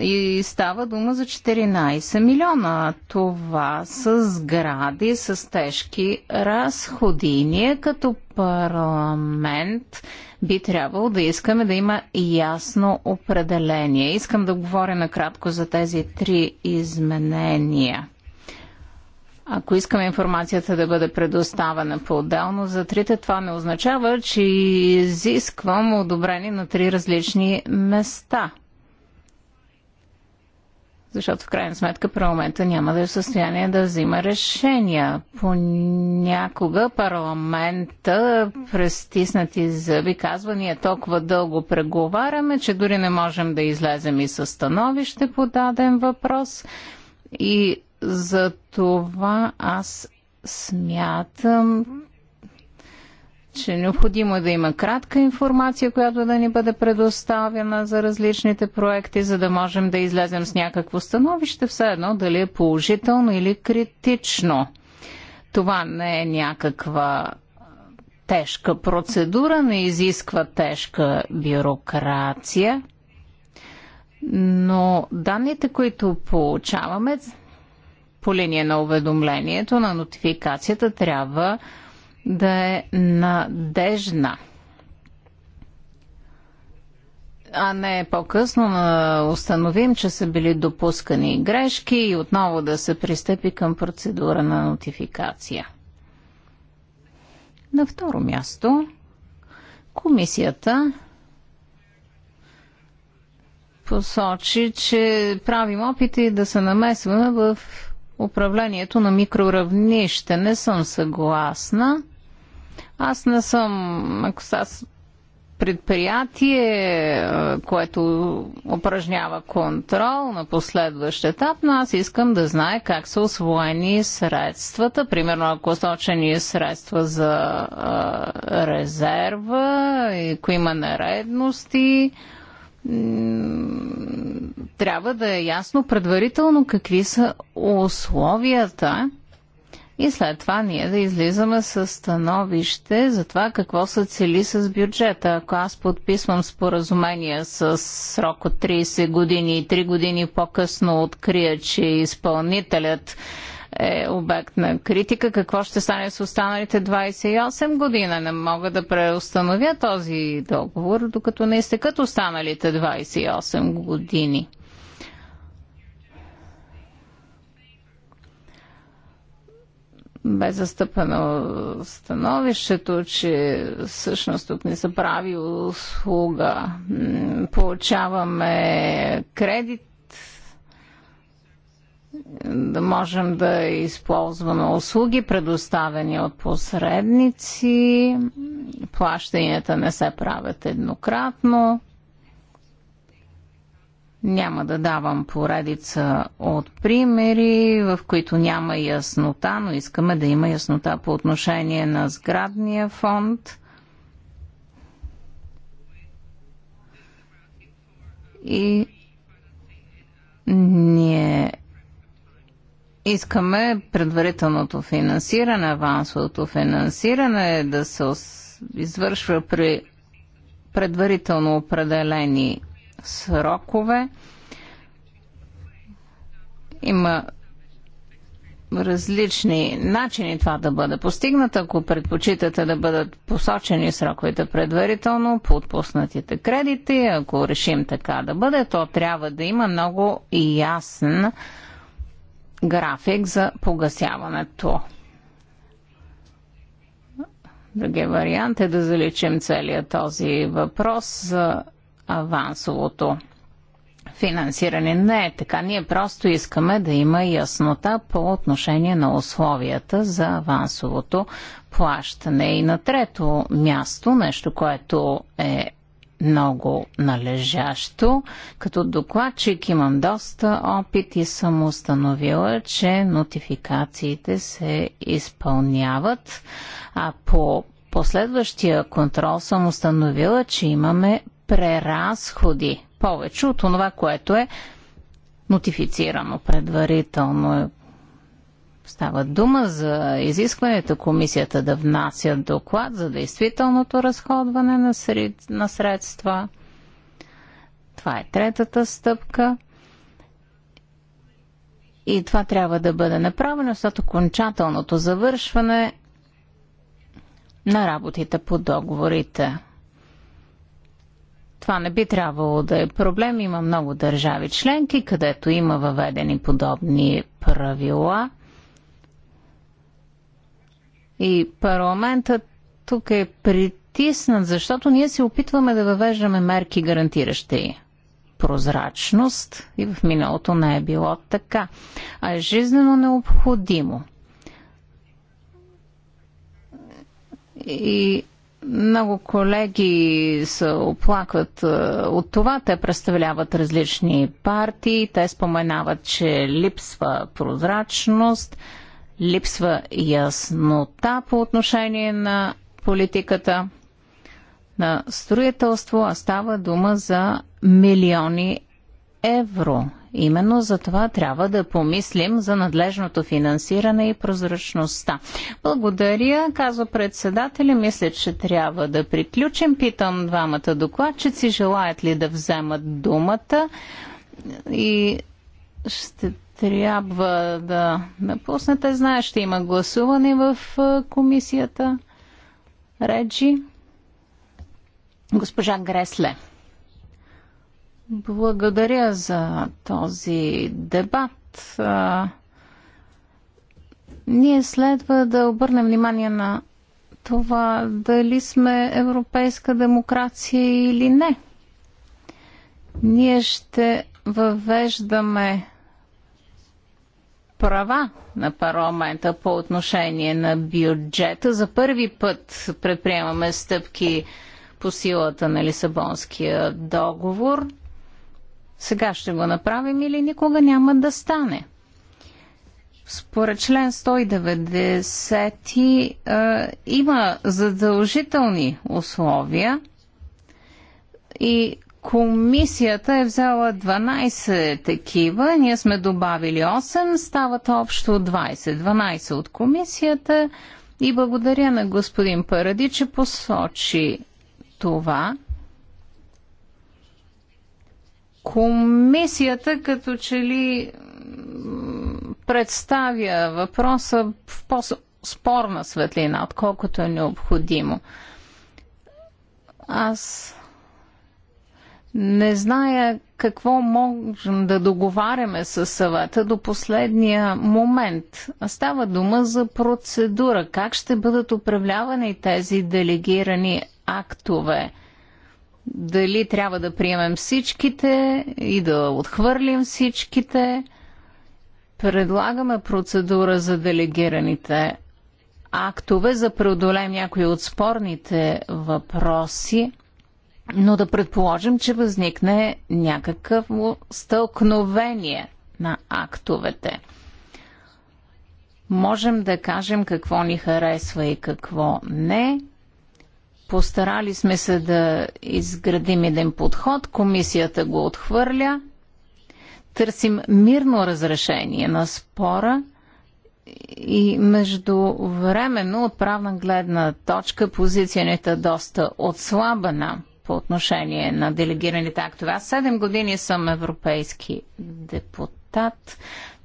Speaker 4: и става дума за 14 милиона. Това са сгради с тежки разходи. Ние като парламент би трябвало да искаме да има ясно определение. Искам да говоря накратко за тези три изменения. Ако искаме информацията да бъде предоставена по-отделно за трите, това не означава, че изисквам одобрение на три различни места – защото в крайна сметка парламента няма да е в състояние да взима решения. Понякога парламента, престиснати зъби, казва, ние толкова дълго преговаряме, че дори не можем да излезем и със становище по даден въпрос. И за това аз смятам, че е необходимо да има кратка информация, която да ни бъде предоставена за различните проекти, за да можем да излезем с някакво становище, все едно дали е положително или критично. Това не е някаква тежка процедура, не изисква тежка бюрокрация, но данните, които получаваме по линия на уведомлението, на нотификацията, трябва да да е надежна а не по-късно да установим, че са били допускани грешки и отново да се пристъпи към процедура на нотификация. На второ място, комисията посочи, че правим опити да се намесваме в управлението на микроравнище. Не съм съгласна аз не съм, ако са предприятие, което упражнява контрол на последващ етап, но аз искам да знае как са освоени средствата. Примерно, ако сочени средства за а, резерва, ако има наредности, трябва да е ясно предварително какви са условията и след това ние да излизаме с становище за това какво се цели с бюджета. Ако аз подписвам споразумение с срок от 30 години и 3 години по-късно открия, че изпълнителят е обект на критика. Какво ще стане с останалите 28 година? Не мога да преустановя този договор, докато не изтекат останалите 28 години. бе застъпено становището, че всъщност тук не се прави услуга. Получаваме кредит, да можем да използваме услуги, предоставени от посредници, плащанията не се правят еднократно. Няма да давам поредица от примери, в които няма яснота, но искаме да има яснота по отношение на сградния фонд. И ние искаме предварителното финансиране, авансовото финансиране да се извършва при предварително определени срокове. Има различни начини това да бъде постигнато. Ако предпочитате да бъдат посочени сроковете предварително по отпуснатите кредити, ако решим така да бъде, то трябва да има много ясен график за погасяването. Другия вариант е да заличим целият този въпрос за авансовото финансиране. Не е така. Ние просто искаме да има яснота по отношение на условията за авансовото плащане. И на трето място, нещо, което е много належащо. Като докладчик имам доста опит и съм установила, че нотификациите се изпълняват, а по последващия контрол съм установила, че имаме преразходи повече от това, което е нотифицирано предварително. Става дума за изискването комисията да внася доклад за действителното разходване на, сред... на средства. Това е третата стъпка. И това трябва да бъде направено, защото окончателното завършване на работите по договорите. Това не би трябвало да е проблем. Има много държави членки, където има въведени подобни правила. И парламентът тук е притиснат, защото ние се опитваме да въвеждаме мерки, гарантиращи прозрачност и в миналото не е било така, а е жизнено необходимо. И много колеги се оплакват е, от това. Те представляват различни партии. Те споменават, че липсва прозрачност, липсва яснота по отношение на политиката на строителство, а става дума за милиони евро. Именно за това трябва да помислим за надлежното финансиране и прозрачността. Благодаря, казва председателя. Мисля, че трябва да приключим. Питам двамата докладчици, желаят ли да вземат думата и ще трябва да напуснете. Знаеш, ще има гласуване в комисията. Реджи. Госпожа Гресле. Благодаря за този дебат. ние следва да обърнем внимание на това дали сме европейска демокрация или не. Ние ще въвеждаме права на парламента по отношение на бюджета. За първи път предприемаме стъпки по силата на Лисабонския договор – сега ще го направим или никога няма да стане. Според член 190 е, има задължителни условия и комисията е взела 12 такива, ние сме добавили 8, стават общо 20. 12 от комисията и благодаря на господин Паради, че посочи това – Комисията като че ли представя въпроса в по-спорна светлина, отколкото е необходимо. Аз не зная какво можем да договаряме с съвета до последния момент. Става дума за процедура. Как ще бъдат управлявани тези делегирани актове? дали трябва да приемем всичките и да отхвърлим всичките. Предлагаме процедура за делегираните актове, за преодолем някои от спорните въпроси, но да предположим, че възникне някакъв стълкновение на актовете. Можем да кажем какво ни харесва и какво не – Постарали сме се да изградим един подход. Комисията го отхвърля. Търсим мирно разрешение на спора и между времено от правна гледна точка позицията е доста отслабена по отношение на делегираните актове. Аз 7 години съм европейски депутат.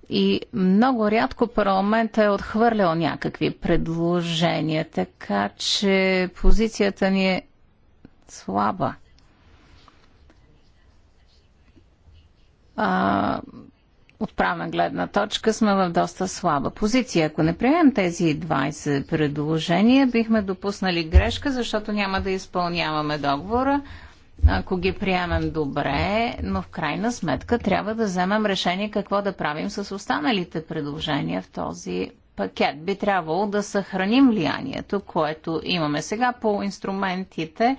Speaker 4: И много рядко парламента е отхвърлял някакви предложения, така че позицията ни е слаба. А, от правна гледна точка сме в доста слаба позиция. Ако не приемем тези 20 предложения, бихме допуснали грешка, защото няма да изпълняваме договора ако ги приемем добре, но в крайна сметка трябва да вземем решение какво да правим с останалите предложения в този пакет. Би трябвало да съхраним влиянието, което имаме сега по инструментите.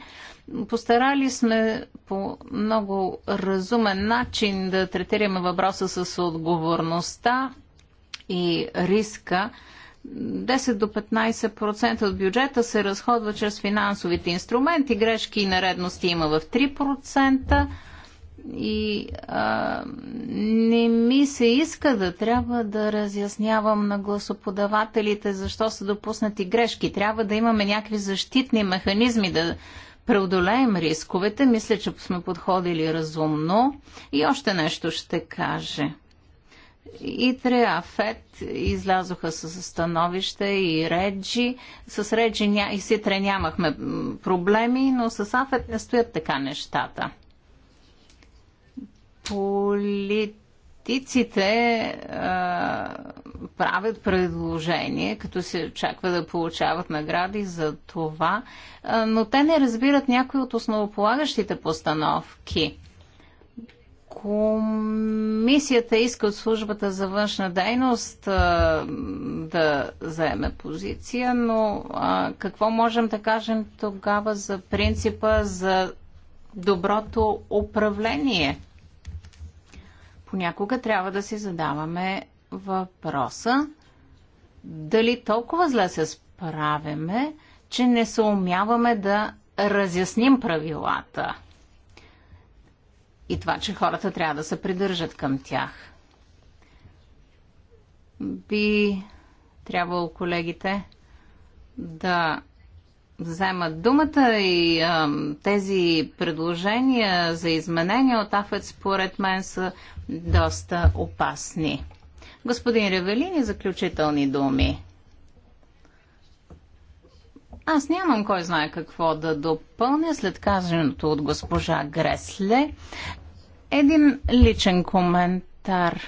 Speaker 4: Постарали сме по много разумен начин да третираме въпроса с отговорността и риска 10 до 15% от бюджета се разходва чрез финансовите инструменти. Грешки и наредности има в 3%. И а, не ми се иска да трябва да разяснявам на гласоподавателите защо са допуснати грешки. Трябва да имаме някакви защитни механизми да преодолеем рисковете. Мисля, че сме подходили разумно. И още нещо ще каже и Триафет излязоха с становище и Реджи. С Реджи ня... и Ситре нямахме проблеми, но с Афет не стоят така нещата. Политиците а, правят предложение, като се очаква да получават награди за това, а, но те не разбират някои от основополагащите постановки Комисията иска от службата за външна дейност а, да заеме позиция, но а, какво можем да кажем тогава за принципа за доброто управление? Понякога трябва да си задаваме въпроса дали толкова зле се справяме, че не съумяваме да разясним правилата – и това, че хората трябва да се придържат към тях. Би трябвало колегите да вземат думата и а, тези предложения за изменения от АФЕД според мен са доста опасни. Господин Ревелини, заключителни думи. Аз нямам кой знае какво да допълня след казаното от госпожа Гресле. Един личен коментар.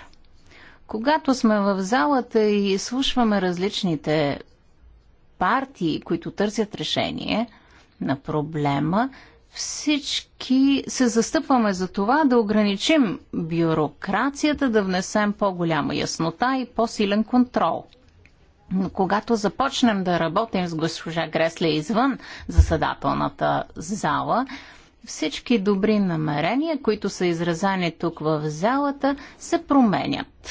Speaker 4: Когато сме в залата и слушваме различните партии, които търсят решение на проблема, всички се застъпваме за това да ограничим бюрокрацията, да внесем по-голяма яснота и по-силен контрол – но когато започнем да работим с госпожа Гресле извън заседателната зала, всички добри намерения, които са изразани тук в залата, се променят.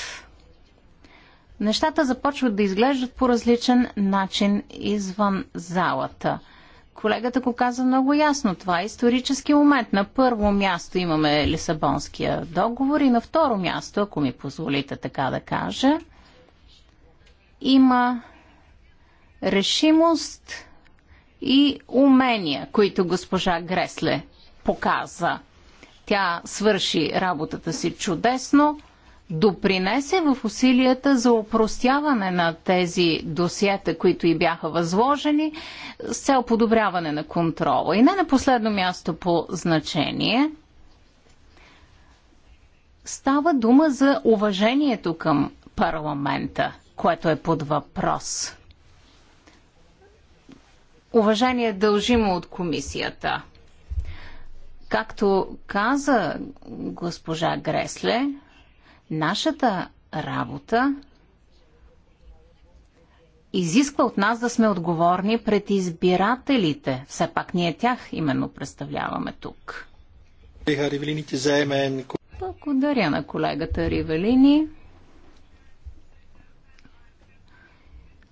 Speaker 4: Нещата започват да изглеждат по различен начин извън залата. Колегата го каза много ясно. Това е исторически момент. На първо място имаме Лисабонския договор и на второ място, ако ми позволите така да кажа, има решимост и умения, които госпожа Гресле показа. Тя свърши работата си чудесно, допринесе в усилията за опростяване на тези досиета, които и бяха възложени, с цел подобряване на контрола. И не на последно място по значение – става дума за уважението към парламента което е под въпрос. Уважение дължимо от комисията. Както каза госпожа Гресле, нашата работа изисква от нас да сме отговорни пред избирателите. Все пак ние тях именно представляваме тук. Благодаря на колегата Ривелини.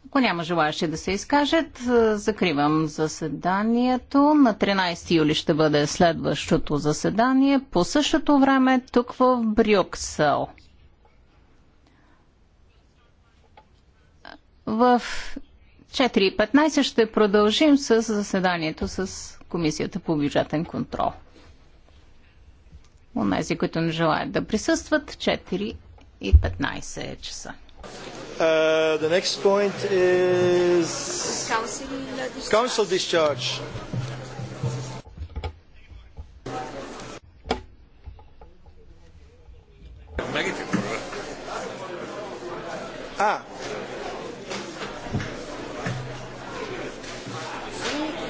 Speaker 4: Ако няма желаящи да се изкажат, е, закривам заседанието. На 13 юли ще бъде следващото заседание по същото време тук в Брюксел. В 4.15 ще продължим с заседанието с Комисията по бюджетен контрол. Унези, които не желаят да присъстват, 4.15 часа
Speaker 1: the next point is council, discharge. council discharge. Ah.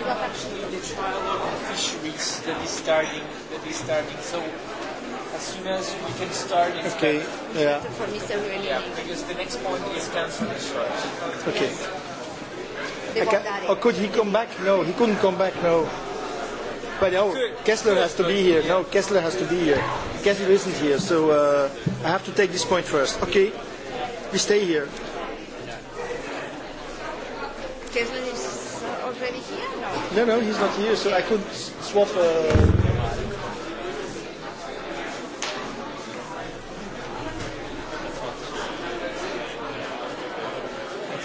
Speaker 1: The trial fisheries that is starting, that is starting. So as soon as we can start, it's okay. Better. Yeah. For Mr. Really. Yeah, because the next point is cancer discharge. Okay. Yes. Or could he come back? No, he couldn't come back. No. But no, Kessler has to be here. No, Kessler has to be here. Kessler isn't here, so uh, I have to take this point first. Okay, we stay here. Kessler is already here? No, no, no he's not here, so I could swap. Uh,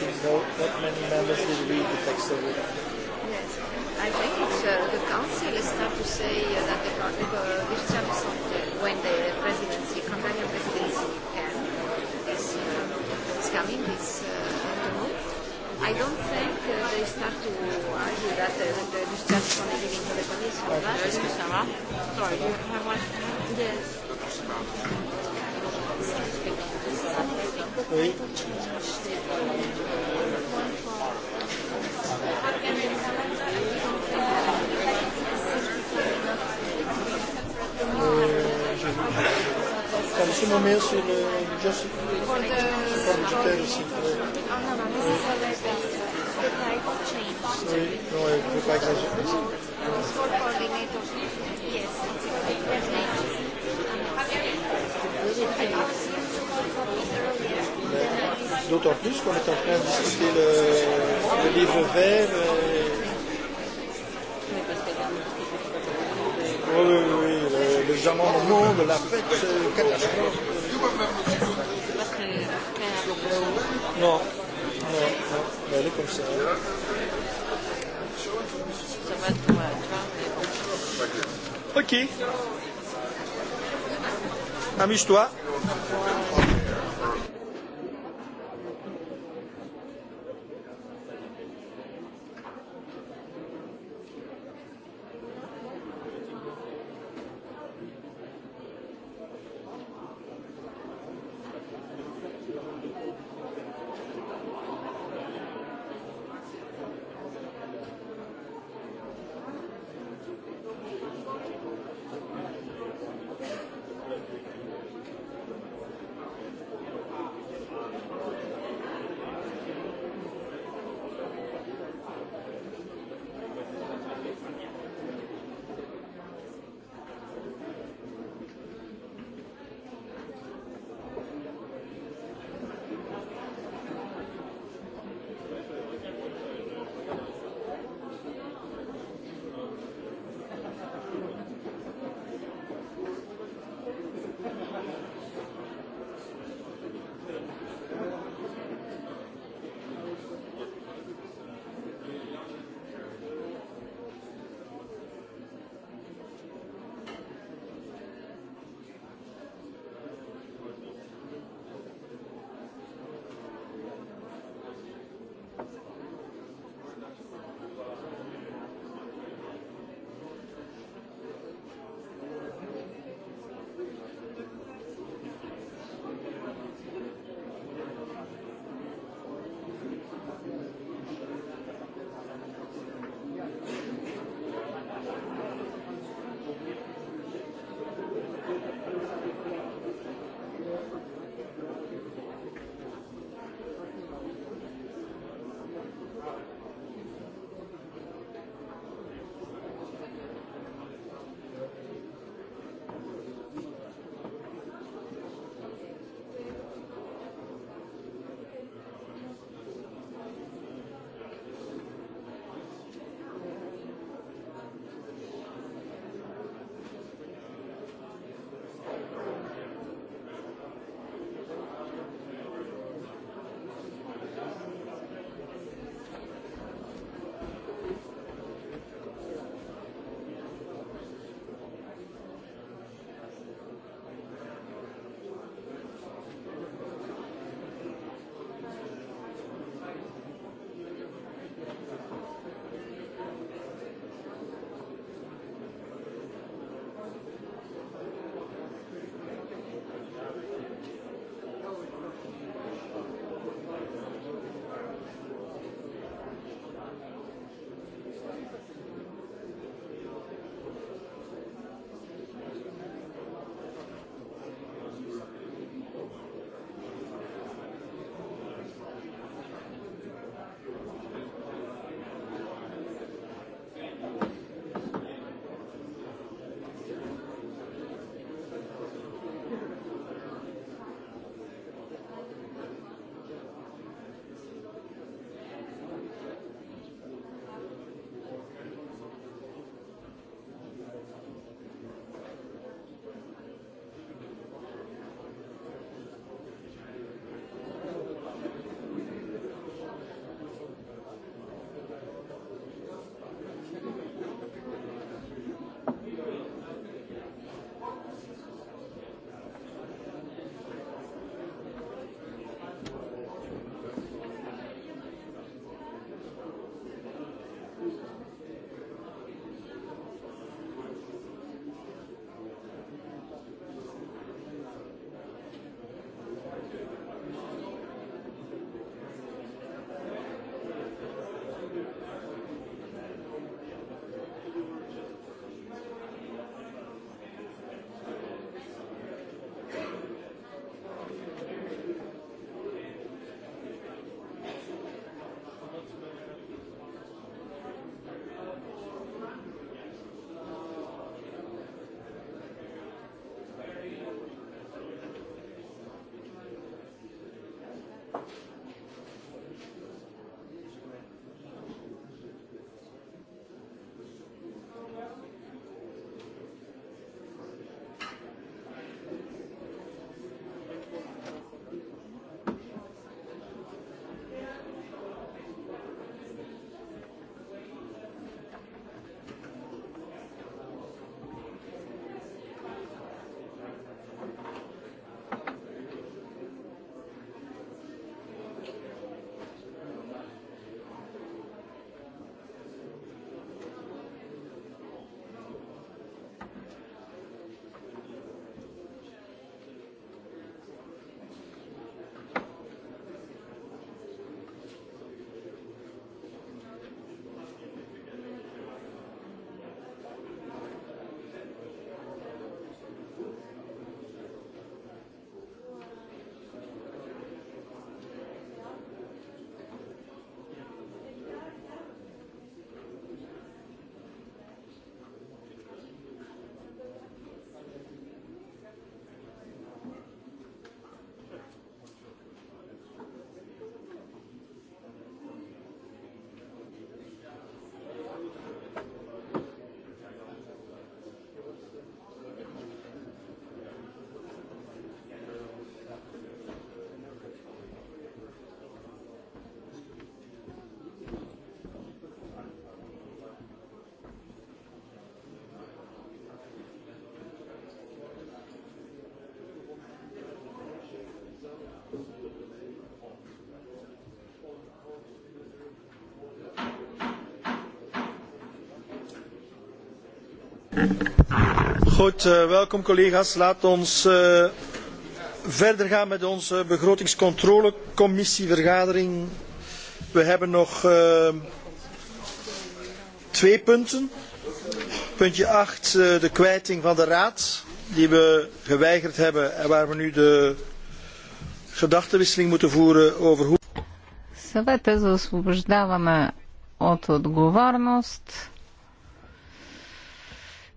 Speaker 1: think no, not many members did read the text of it. Yes,
Speaker 3: I think it's, uh,
Speaker 2: the council is start to say uh, that the, the Wirtschafts- when the presidency,
Speaker 4: Hungarian presidency can, is, uh, is coming, is uh, removed. I don't think uh, they start to argue that uh, the discharge from the to the
Speaker 1: commission. But, Sorry, you have one? Yes. Oui. Para ese momento, si le, yo sé, con ustedes siempre. Oui, D'autant plus qu'on est en train de discuter le, le livre vert. Et... Oui, oui, oui, le, le jamon monde, la fête, euh, catastrophe. Non, non, non, mais elle est comme ça. Hein. Ok. Amuse-toi. Goed, welkom collega's. Laat ons verder gaan met onze begrotingscontrolecommissievergadering. We hebben nog twee punten. Puntje acht, de kwijting van de Raad, die we geweigerd hebben en waar we nu de gedachtenwisseling moeten voeren over hoe.
Speaker 4: Съвета за освобождаване от отговорност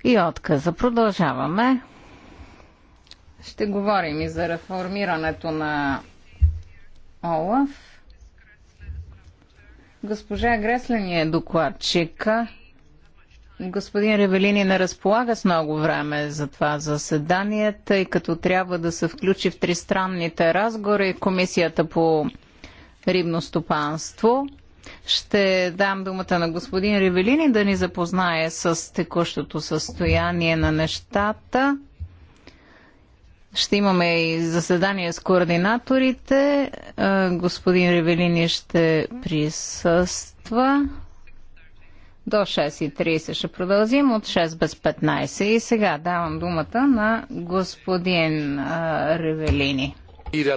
Speaker 4: и отказа. Продължаваме. Ще говорим и за реформирането на ОЛАФ. Госпожа Гресле е докладчика. Господин Ревелини не разполага с много време за това заседание, тъй като трябва да се включи в тристранните разговори Комисията по рибно стопанство. Ще дам думата на господин Ревелини да ни запознае с текущото състояние на нещата. Ще имаме и заседание с координаторите. Господин Ревелини ще присъства. До 6.30 ще продължим от 6 без 15. И сега давам думата на господин Ревелини.
Speaker 3: Ir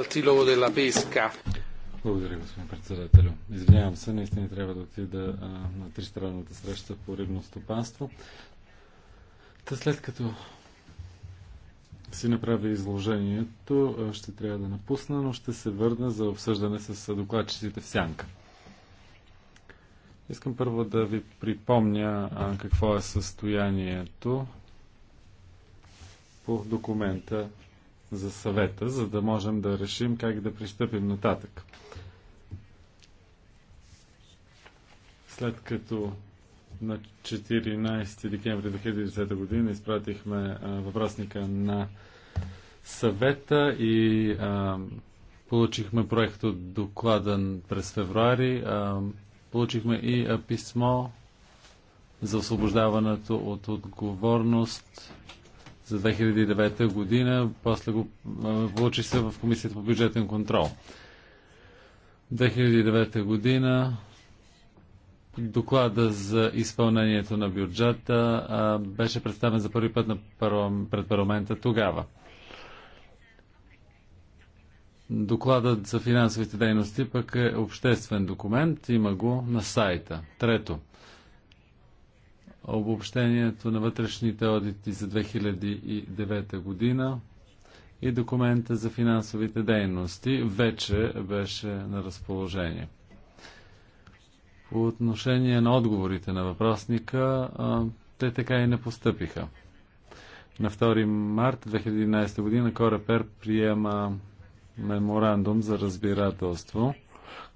Speaker 3: благодаря, господин председател. Извинявам се, наистина трябва да отида а, на тристранната среща по рибно стопанство. Та след като си направя изложението, ще трябва да напусна, но ще се върна за обсъждане с докладчиците в сянка. Искам първо да ви припомня а, какво е състоянието по документа за съвета, за да можем да решим как да пристъпим нататък. След като на 14 декември 2010 година изпратихме а, въпросника на съвета и а, получихме проект от доклада през февруари. А, получихме и а, писмо за освобождаването от отговорност за 2009 година. После го а, получи се в Комисията по бюджетен контрол. 2009 година Доклада за изпълнението на бюджета а, беше представен за първи път на парлам, пред парламента тогава. Докладът за финансовите дейности пък е обществен документ, има го на сайта. Трето, обобщението на вътрешните одити за 2009 година и документа за финансовите дейности вече беше на разположение. По отношение на отговорите на въпросника, те така и не постъпиха. На 2 март 2011 година Корепер приема меморандум за разбирателство,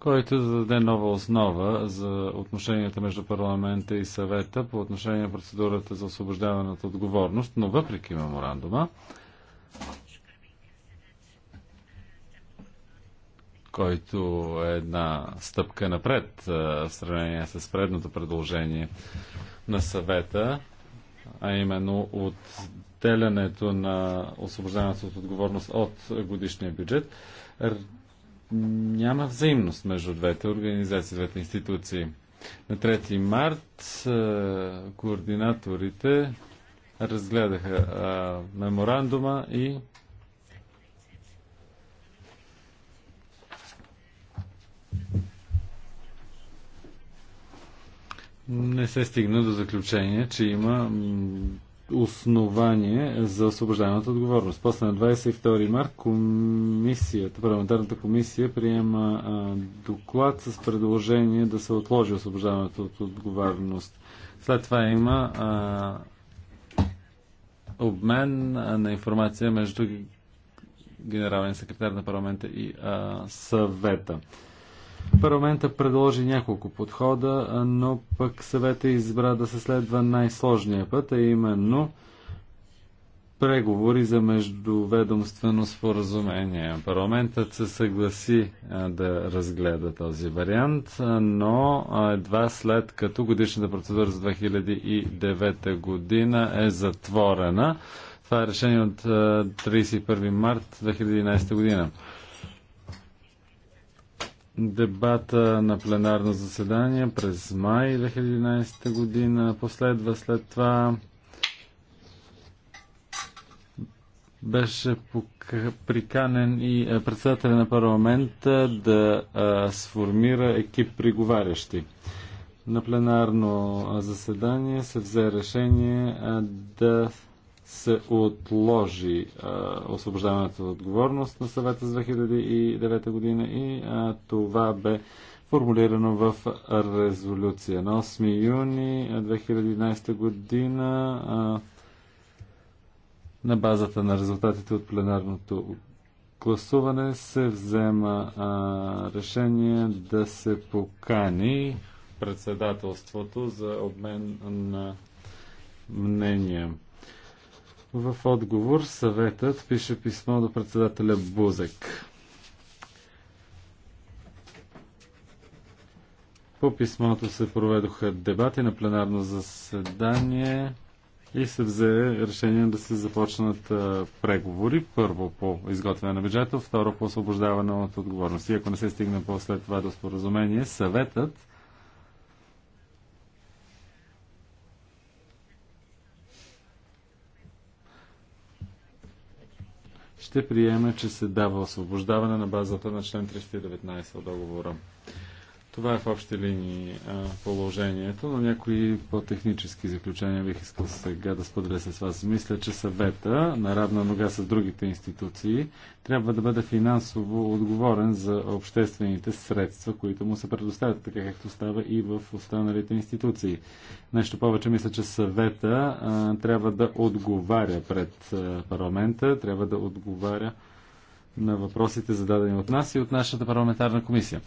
Speaker 3: който да даде нова основа за отношенията между парламента и съвета по отношение на процедурата за освобождаване от отговорност, но въпреки меморандума, който е една стъпка напред в сравнение с предното предложение на съвета, а именно от делянето на освобождаването от отговорност от годишния бюджет, няма взаимност между двете организации, двете институции. На 3 март координаторите разгледаха меморандума и не се стигна до заключение, че има основание за освобождаемата отговорност. После на 22 март комисията, парламентарната комисия приема а, доклад с предложение да се отложи освобождаването от отговорност. След това има а, обмен на информация между генерален секретар на парламента и а, съвета. Парламента предложи няколко подхода, но пък съвета избра да се следва най-сложния път, а именно преговори за междуведомствено споразумение. Парламентът се съгласи да разгледа този вариант, но едва след като годишната процедура за 2009 година е затворена. Това е решение от 31 март 2011 година. Дебата на пленарно заседание през май 2011 година последва след това беше приканен и е, председателя на парламента да е, сформира екип приговарящи. На пленарно е, заседание се взе решение да се отложи освобождаването от отговорност на съвета за 2009 година и а, това бе формулирано в резолюция. На 8 юни 2011 година а, на базата на резултатите от пленарното гласуване се взема а, решение да се покани председателството за обмен на мнения. В отговор съветът пише писмо до председателя Бузек. По писмото се проведоха дебати на пленарно заседание и се взе решение да се започнат преговори. Първо по изготвяне на бюджета, второ по освобождаване от отговорности. ако не се стигне после това до споразумение, съветът ще приеме, че се дава освобождаване на базата на член 319 от договора. Това е в общи линии а, положението, но някои по-технически заключения бих искал сега да споделя с вас. Мисля, че съвета, на равна нога с другите институции, трябва да бъде финансово отговорен за обществените средства, които му се предоставят, така както става и в останалите институции. Нещо повече, мисля, че съвета а, трябва да отговаря пред а, парламента, трябва да отговаря на въпросите зададени от нас и от нашата парламентарна комисия.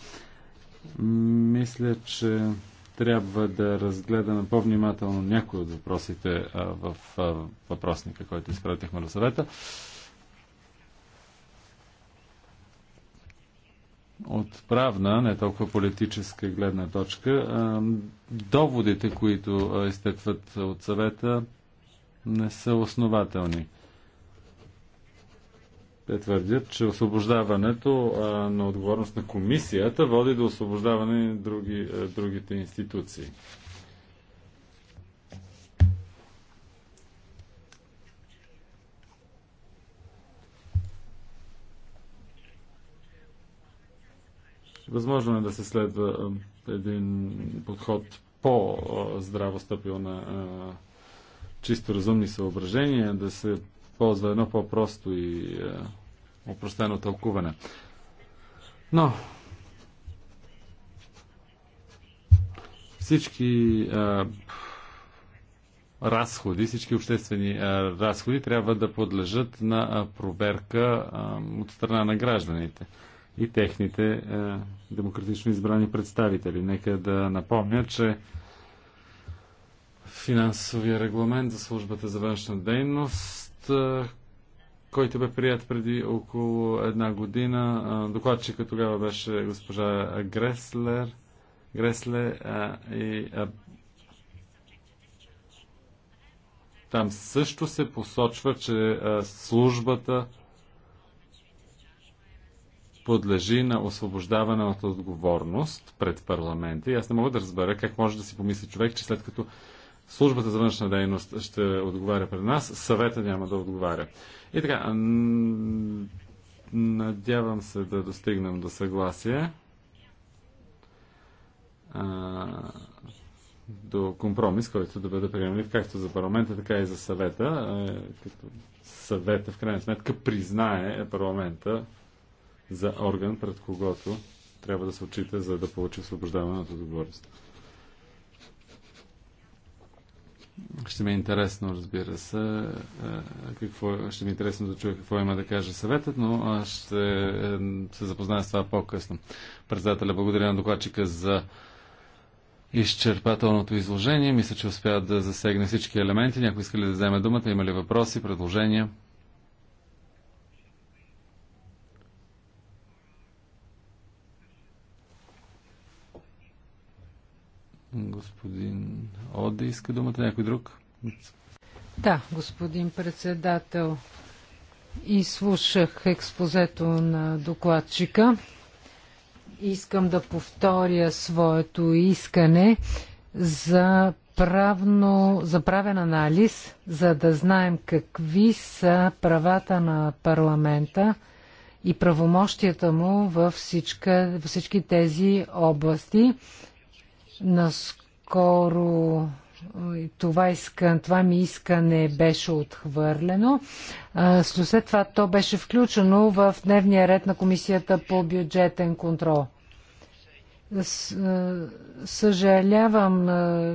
Speaker 3: Мисля, че трябва да разгледаме по-внимателно някои от въпросите в въпросника, който изпратихме до съвета. от правна, не толкова политическа гледна точка, доводите, които изтъкват от съвета, не са основателни. Те твърдят, че освобождаването а, на отговорност на комисията води до освобождаване на други, а, другите институции. Възможно е да се следва един подход по-здраво стъпил на чисто разумни съображения, да се Ползва едно по-просто и е, упростено тълкуване. Но всички е, разходи, всички обществени е, разходи трябва да подлежат на е, проверка е, от страна на гражданите и техните е, демократично избрани представители. Нека да напомня, че финансовия регламент за службата за външна дейност който бе прият преди около една година. Докладчика тогава беше госпожа Греслер. Гресле а, и а, там също се посочва, че а, службата подлежи на освобождаване от отговорност пред парламента. И аз не мога да разбера как може да си помисли човек, че след като Службата за външна дейност ще отговаря пред нас, съвета няма да отговаря. И така, надявам се да достигнем до съгласие, до компромис, който да бъде приемлив както за парламента, така и за съвета, като съвета в крайна сметка признае парламента за орган, пред когото трябва да се отчита, за да получи освобождаване от отговорност. Ще ми е интересно, разбира се, е, какво, ще ми е интересно да чуя какво има да каже съветът, но аз ще е, се запозная с това по-късно. Председателя, благодаря на докладчика за изчерпателното изложение. Мисля, че успя да засегне всички елементи. Някой иска ли да вземе думата? Има ли въпроси, предложения? Господин да иска думата някой друг.
Speaker 2: Да, господин председател. Изслушах експозето на докладчика. Искам да повторя своето искане за правно, за правен анализ, за да знаем какви са правата на парламента и правомощията му във, всички тези области. Наск скоро това, иска, това ми искане беше отхвърлено. След това то беше включено в дневния ред на Комисията по бюджетен контрол. Съжалявам,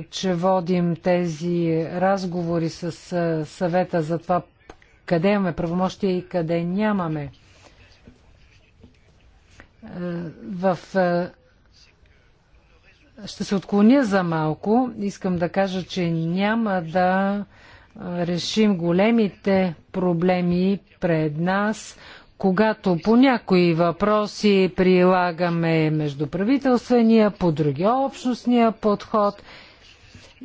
Speaker 2: че водим тези разговори с съвета за това къде имаме правомощия и къде нямаме. В ще се отклоня за малко. Искам да кажа, че няма да решим големите проблеми пред нас, когато по някои въпроси прилагаме междуправителствения, по други общностния подход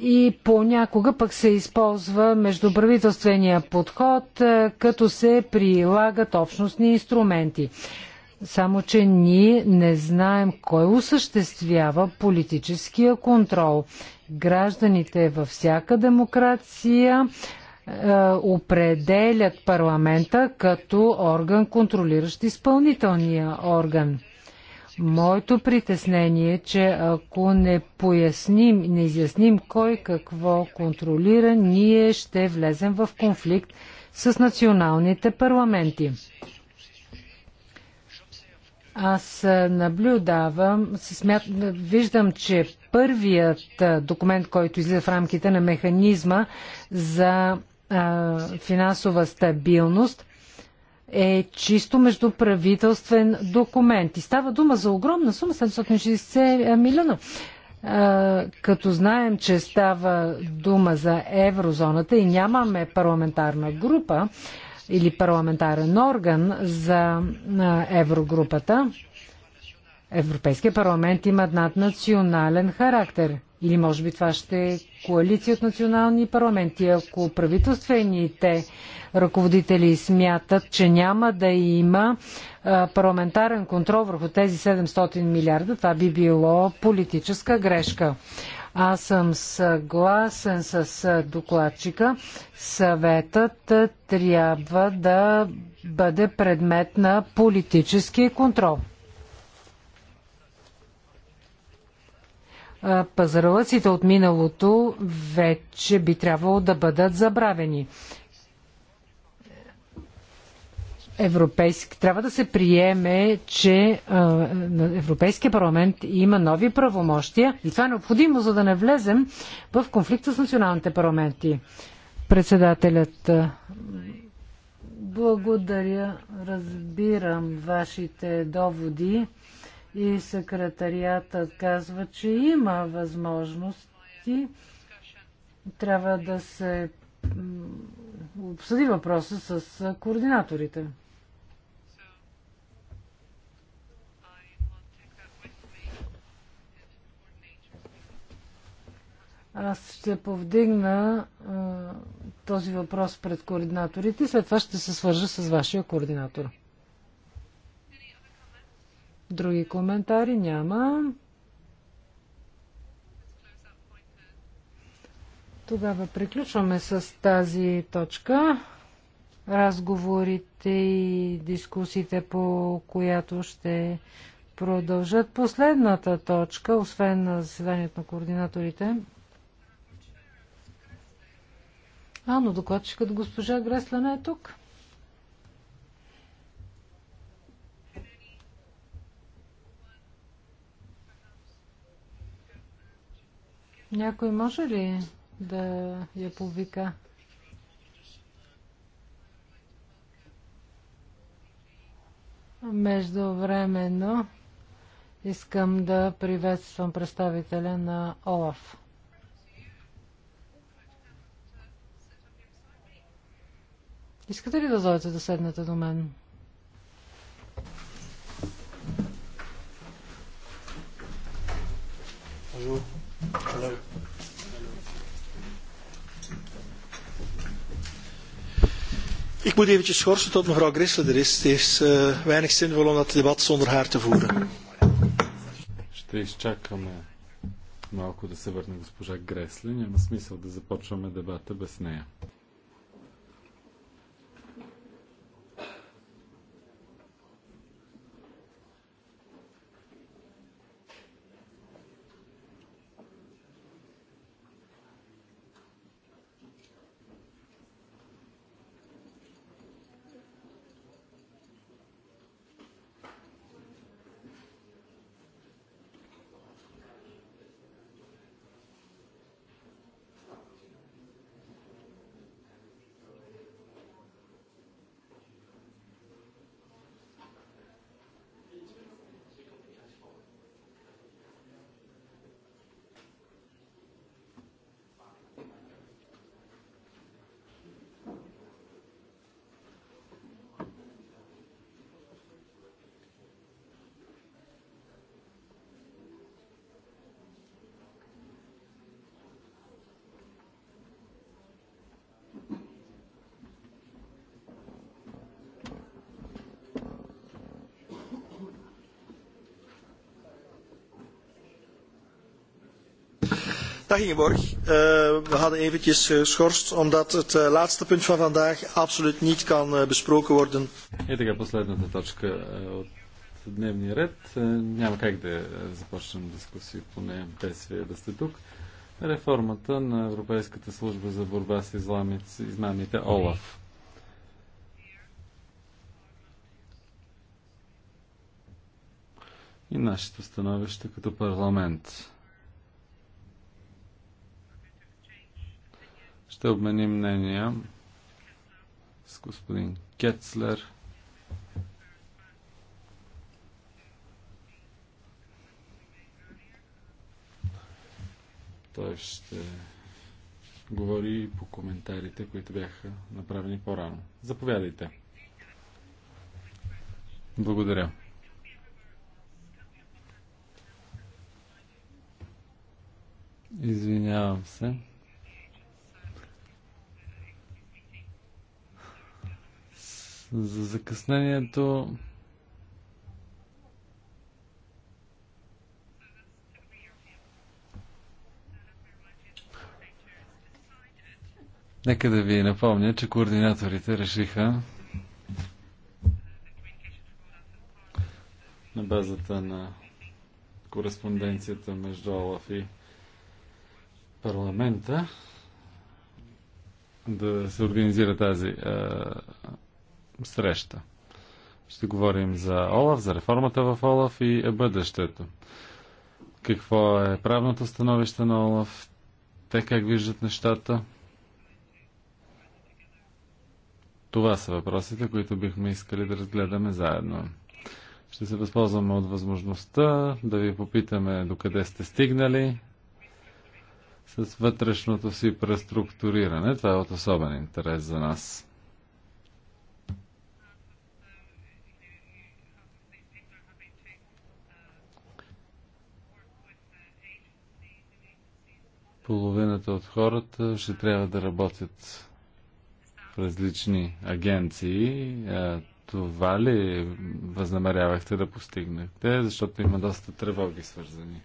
Speaker 2: и понякога пък се използва междуправителствения подход, като се прилагат общностни инструменти. Само, че ние не знаем кой осъществява политическия контрол. Гражданите във всяка демокрация е, определят парламента като орган, контролиращ изпълнителния орган. Моето притеснение е, че ако не поясним, не изясним кой какво контролира, ние ще влезем в конфликт с националните парламенти. Аз е, наблюдавам, смят, виждам, че първият е, документ, който излиза в рамките на механизма за а, е, финансова стабилност, е чисто междуправителствен документ. И става дума за огромна сума 760 милиона. А, като знаем, че става дума за еврозоната и нямаме парламентарна група, или парламентарен орган за Еврогрупата, Европейския парламент има наднационален характер. Или може би това ще е коалиция от национални парламенти. Ако правителствените ръководители смятат, че няма да има парламентарен контрол върху тези 700 милиарда, това би било политическа грешка. Аз съм съгласен с докладчика. Съветът трябва да бъде предмет на политически контрол. пазарлъците от миналото вече би трябвало да бъдат забравени европейски, трябва да се приеме, че а, Европейския парламент има нови правомощия и това е необходимо, за да не влезем в конфликт с националните парламенти. Председателят, благодаря, разбирам вашите доводи и секретариатът казва, че има възможности. Трябва да се обсъди въпроса с координаторите. Аз ще повдигна а, този въпрос пред координаторите. и След това ще се свържа с вашия координатор. Други коментари няма. Тогава приключваме с тази точка. Разговорите и дискусиите, по която ще продължат последната точка, освен на заседанието на координаторите, А, но докладчикът госпожа Гресла не е тук. Някой може ли да я повика? Междувременно искам да приветствам представителя на ОЛАФ. Искате ли да дойдете да седнете до мен?
Speaker 1: Bonjour. Hello. Ik moet eventjes schorsen tot mevrouw Grissel er is. Het is uh, weinig zinvol om dat debat zonder haar te voeren.
Speaker 3: Ще изчакаме малко да се върне госпожа Гресли. Няма смисъл да започваме дебата без нея.
Speaker 1: Dag Ingeborg. Eh, we hadden eventjes geschorst eh, omdat het eh, laatste punt van vandaag absoluut niet kan besproken worden.
Speaker 3: И така последната точка от дневния ред. Е, няма как да е, започнем дискусии по нея без вие да сте тук. Реформата на Европейската служба за борба с изламите, измамите ОЛАФ. И нашето становище като парламент. Ще обменим мнения с господин Кецлер. Той ще говори и по коментарите, които бяха направени по-рано.
Speaker 1: Заповядайте.
Speaker 3: Благодаря. Извинявам се. за закъснението. Нека да ви напомня, че координаторите решиха на базата на кореспонденцията между Олаф и парламента да се организира тази а, среща. Ще говорим за Олаф, за реформата в Олаф и е бъдещето. Какво е правното становище на Олаф? Те как виждат нещата? Това са въпросите, които бихме искали да разгледаме заедно. Ще се възползваме от възможността да ви попитаме докъде сте стигнали с вътрешното си преструктуриране. Това е от особен интерес за нас. половината от хората ще трябва да работят в различни агенции. Това ли възнамерявахте да постигнете? Защото има доста тревоги свързани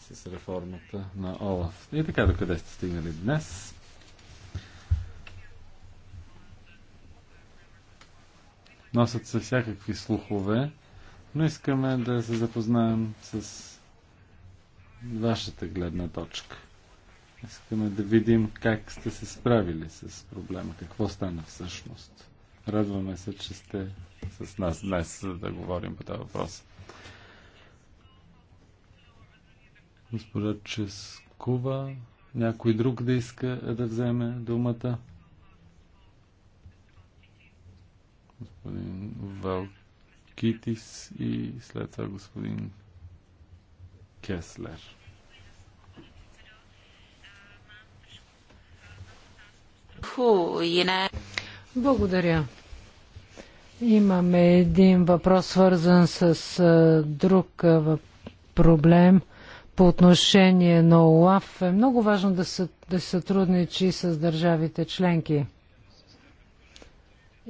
Speaker 3: с реформата на ОЛАФ. И така, докъде сте стигнали днес? Носят се всякакви слухове, но искаме да се запознаем с вашата гледна точка. Искаме да видим как сте се справили с проблема, какво стана всъщност. Радваме се, че сте с нас днес, за да говорим по този въпрос. Госпожа Ческова, някой друг да иска да вземе думата? Господин Валкитис и след това господин Кеслер.
Speaker 2: Благодаря. Имаме един въпрос, свързан с друг проблем по отношение на ОЛАФ. Е много важно да се, да сътрудничи с държавите членки.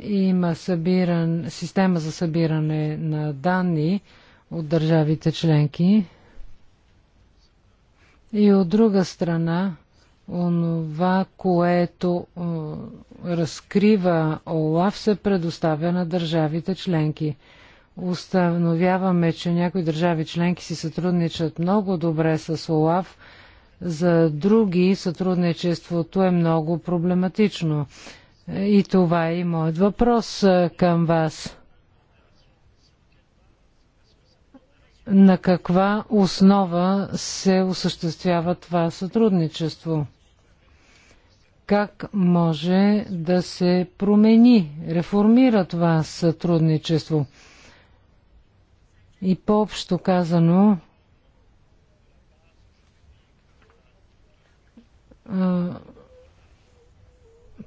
Speaker 2: Има събиран, система за събиране на данни от държавите членки. И от друга страна, онова, което разкрива ОЛАФ, се предоставя на държавите членки. Установяваме, че някои държави членки си сътрудничат много добре с ОЛАФ, за други сътрудничеството е много проблематично. И това е и моят въпрос към вас. На каква основа се осъществява това сътрудничество? как може да се промени, реформира това сътрудничество. И по-общо казано,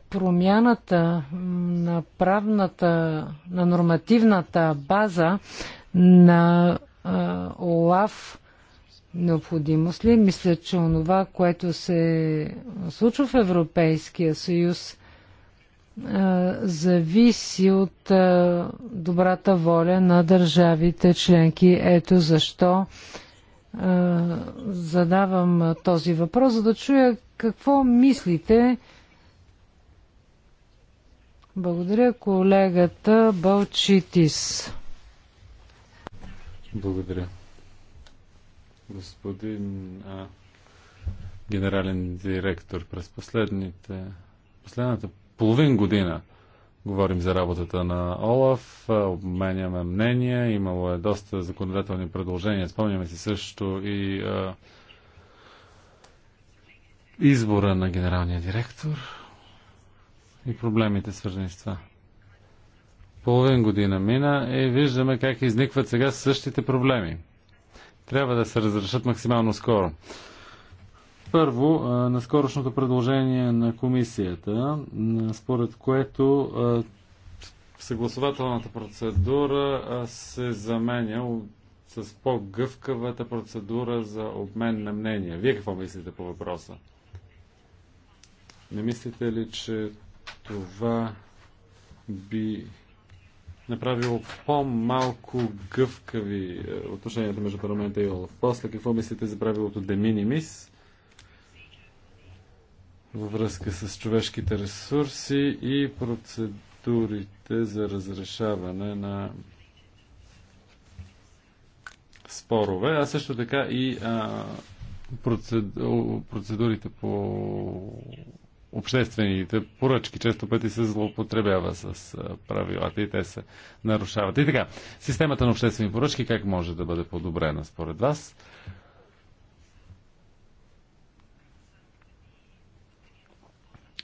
Speaker 2: промяната на правната, на нормативната база на ОЛАФ необходимост ли? Мисля, че онова, което се случва в Европейския съюз, зависи от добрата воля на държавите членки. Ето защо задавам този въпрос, за да чуя какво мислите. Благодаря колегата Балчитис.
Speaker 3: Благодаря господин а, генерален директор, през последните, последната половин година говорим за работата на ОЛАФ, обменяме мнения, имало е доста законодателни предложения. Спомняме си също и а, избора на генералния директор и проблемите свързани с това. Половин година мина и виждаме как изникват сега същите проблеми трябва да се разрешат максимално скоро. Първо, на скорошното предложение на комисията, според което съгласователната процедура се заменя с по-гъвкавата процедура за обмен на мнения. Вие какво мислите по въпроса? Не мислите ли, че това би направило по-малко гъвкави е, отношенията между парламента и ОЛАФ. После, какво мислите за правилото де минимис във връзка с човешките ресурси и процедурите за разрешаване на спорове, а също така и а, процедурите по обществените поръчки. Често пъти се злоупотребява с правилата и те се нарушават. И така, системата на обществени поръчки как може да бъде подобрена според вас?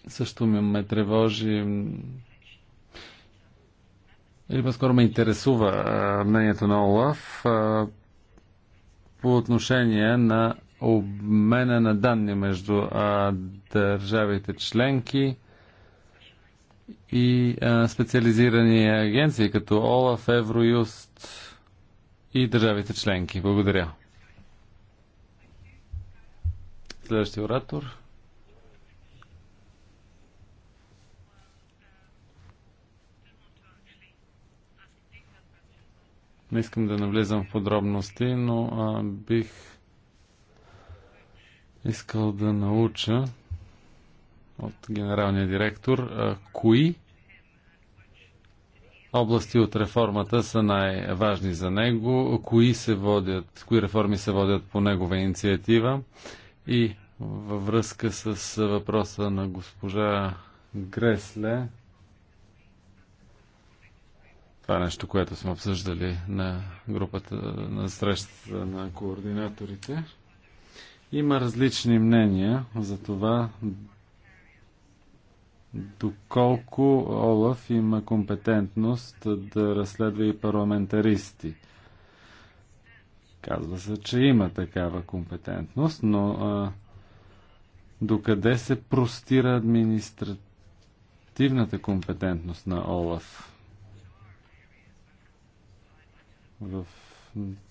Speaker 3: Също ме, ме тревожи или по-скоро ме интересува мнението на Олаф по отношение на обмена на данни между а, държавите членки и а, специализирани агенции като ОЛАФ, Евроюст и държавите членки. Благодаря. Следващия оратор. Не искам да навлизам в подробности, но а, бих искал да науча от генералния директор кои области от реформата са най-важни за него, кои, се водят, кои реформи се водят по негова инициатива и във връзка с въпроса на госпожа Гресле, това е нещо, което сме обсъждали на групата на срещата на координаторите. Има различни мнения за това доколко Олаф има компетентност да разследва и парламентаристи. Казва се, че има такава компетентност, но а, докъде се простира административната компетентност на Олаф в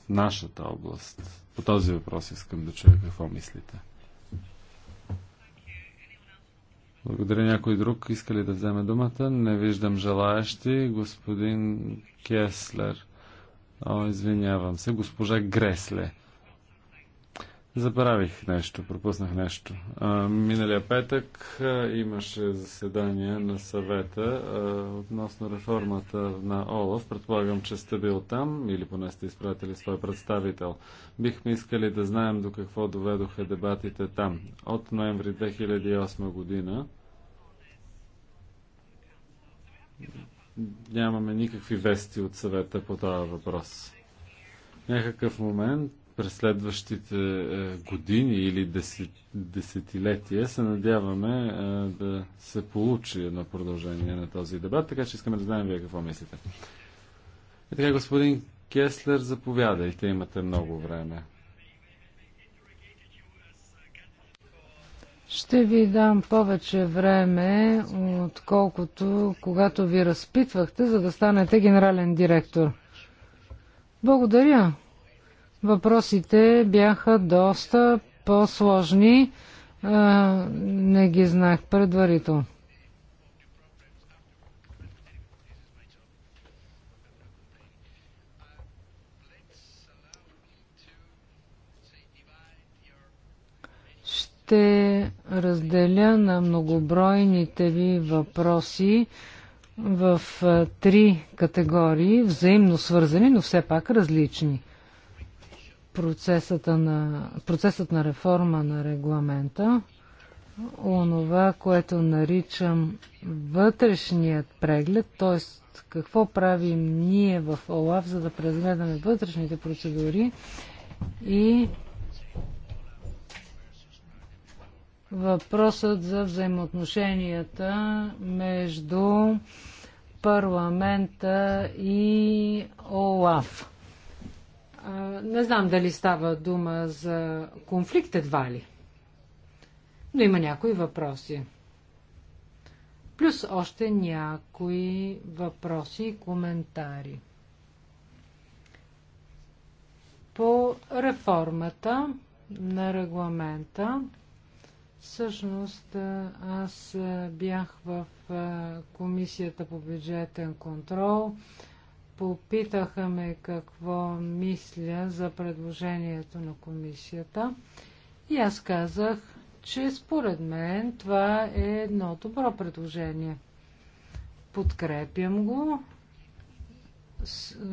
Speaker 3: нашата област? По този въпрос искам да чуя какво мислите. Благодаря. Някой друг иска ли да вземе думата? Не виждам желаящи. Господин Кеслер. О, извинявам се. Госпожа Гресле. Забравих нещо, пропуснах нещо. А, миналия петък а, имаше заседание на съвета а, относно реформата на ОЛАФ. Предполагам, че сте бил там или поне сте изпратили свой представител. Бихме искали да знаем до какво доведоха дебатите там. От ноември 2008 година нямаме никакви вести от съвета по това въпрос. Някакъв момент през следващите е, години или десет, десетилетия се надяваме е, да се получи едно продължение на този дебат, така че искаме да знаем вие какво мислите. И така, господин Кеслер, заповядайте, имате много време.
Speaker 2: Ще ви дам повече време, отколкото когато ви разпитвахте, за да станете генерален директор. Благодаря. Въпросите бяха доста по-сложни. Е, не ги знах предварително. ще разделя на многобройните ви въпроси в е, три категории, взаимно свързани, но все пак различни процесата на, процесът на реформа на регламента, онова, което наричам вътрешният преглед, т.е. какво правим ние в ОЛАВ, за да прегледаме вътрешните процедури и въпросът за взаимоотношенията между парламента и ОЛАФ. Не знам дали става дума за конфликт едва ли. Но има някои въпроси. Плюс още някои въпроси и коментари. По реформата на регламента, всъщност аз бях в Комисията по бюджетен контрол Попитаха ме какво мисля за предложението на комисията и аз казах, че според мен това е едно добро предложение. Подкрепям го. Е,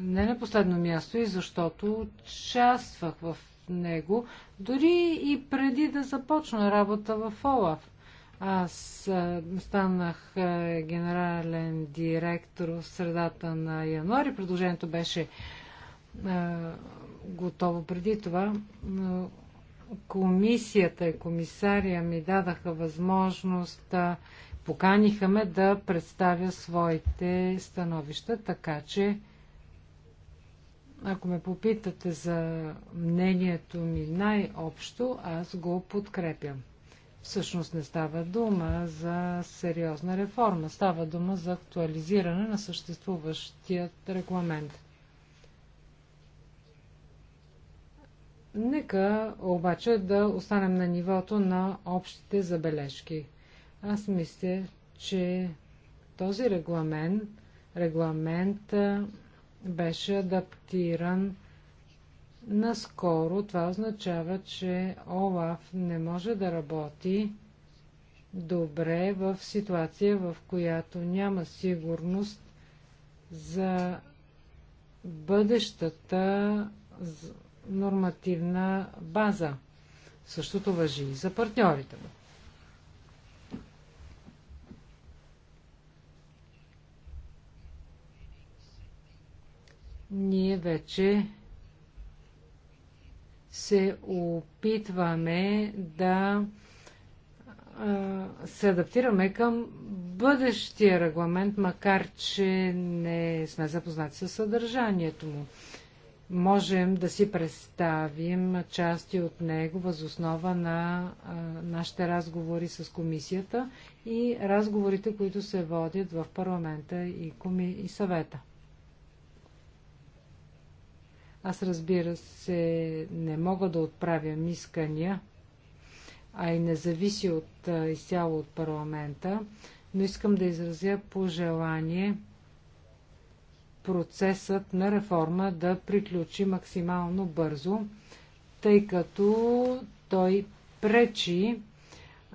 Speaker 2: не на последно място и защото участвах в него, дори и преди да започна работа в ОЛАФ. Аз станах генерален директор в средата на януари. Предложението беше готово преди това. Комисията и комисария ми дадаха възможност да поканиха ме да представя своите становища, така че ако ме попитате за мнението ми най-общо, аз го подкрепям. Всъщност не става дума за сериозна реформа, става дума за актуализиране на съществуващият регламент. Нека обаче да останем на нивото на общите забележки. Аз мисля, че този регламент, регламент беше адаптиран Наскоро това означава, че ОЛАФ не може да работи добре в ситуация, в която няма сигурност за бъдещата нормативна база. Същото въжи и за партньорите му. Ние вече се опитваме да се адаптираме към бъдещия регламент, макар че не сме запознати с съдържанието му. Можем да си представим части от него възоснова на а, нашите разговори с комисията и разговорите, които се водят в парламента и, коми... и съвета. Аз разбира се не мога да отправям искания, а и не зависи от изцяло от парламента, но искам да изразя пожелание процесът на реформа да приключи максимално бързо, тъй като той пречи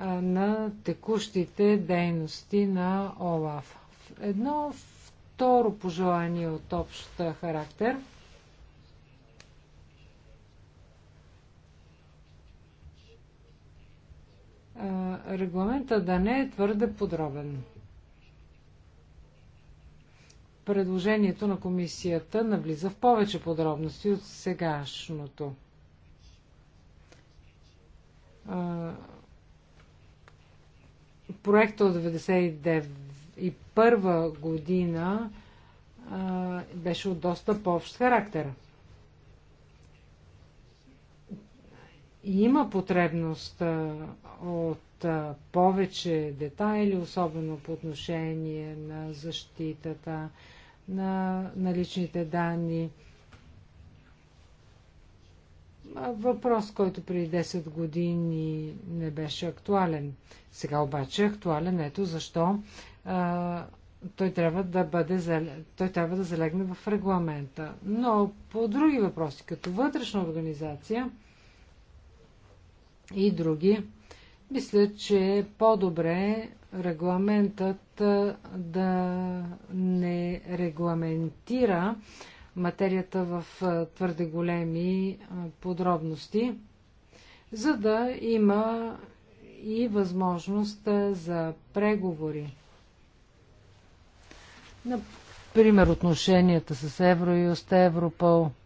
Speaker 2: на текущите дейности на ОЛАФ. Едно второ пожелание от общ характер – регламента да не е твърде подробен. Предложението на комисията навлиза в повече подробности от сегашното. Проекта от 1991 година беше от доста по-общ характер – има потребност от повече детайли, особено по отношение на защитата на, на личните данни. Въпрос, който преди 10 години не беше актуален. Сега обаче е актуален. Ето защо а, той, трябва да бъде, той трябва да залегне в регламента. Но по други въпроси, като вътрешна организация, и други. Мисля, че е по-добре регламентът да не регламентира материята в твърде големи подробности, за да има и възможност за преговори. Например, отношенията с Евроюст, Европол –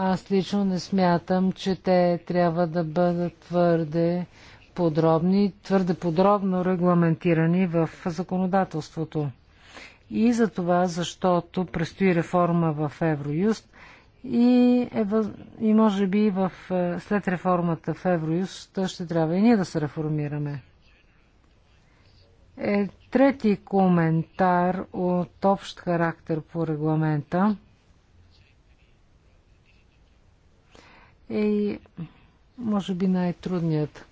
Speaker 2: аз лично не смятам, че те трябва да бъдат твърде подробни, твърде подробно регламентирани в законодателството. И за това, защото предстои реформа в Евроюст и, е, въз... и може би в, е, след реформата в Евроюст ще трябва и ние да се реформираме. Е, трети коментар от общ характер по регламента – е и може би най-трудният.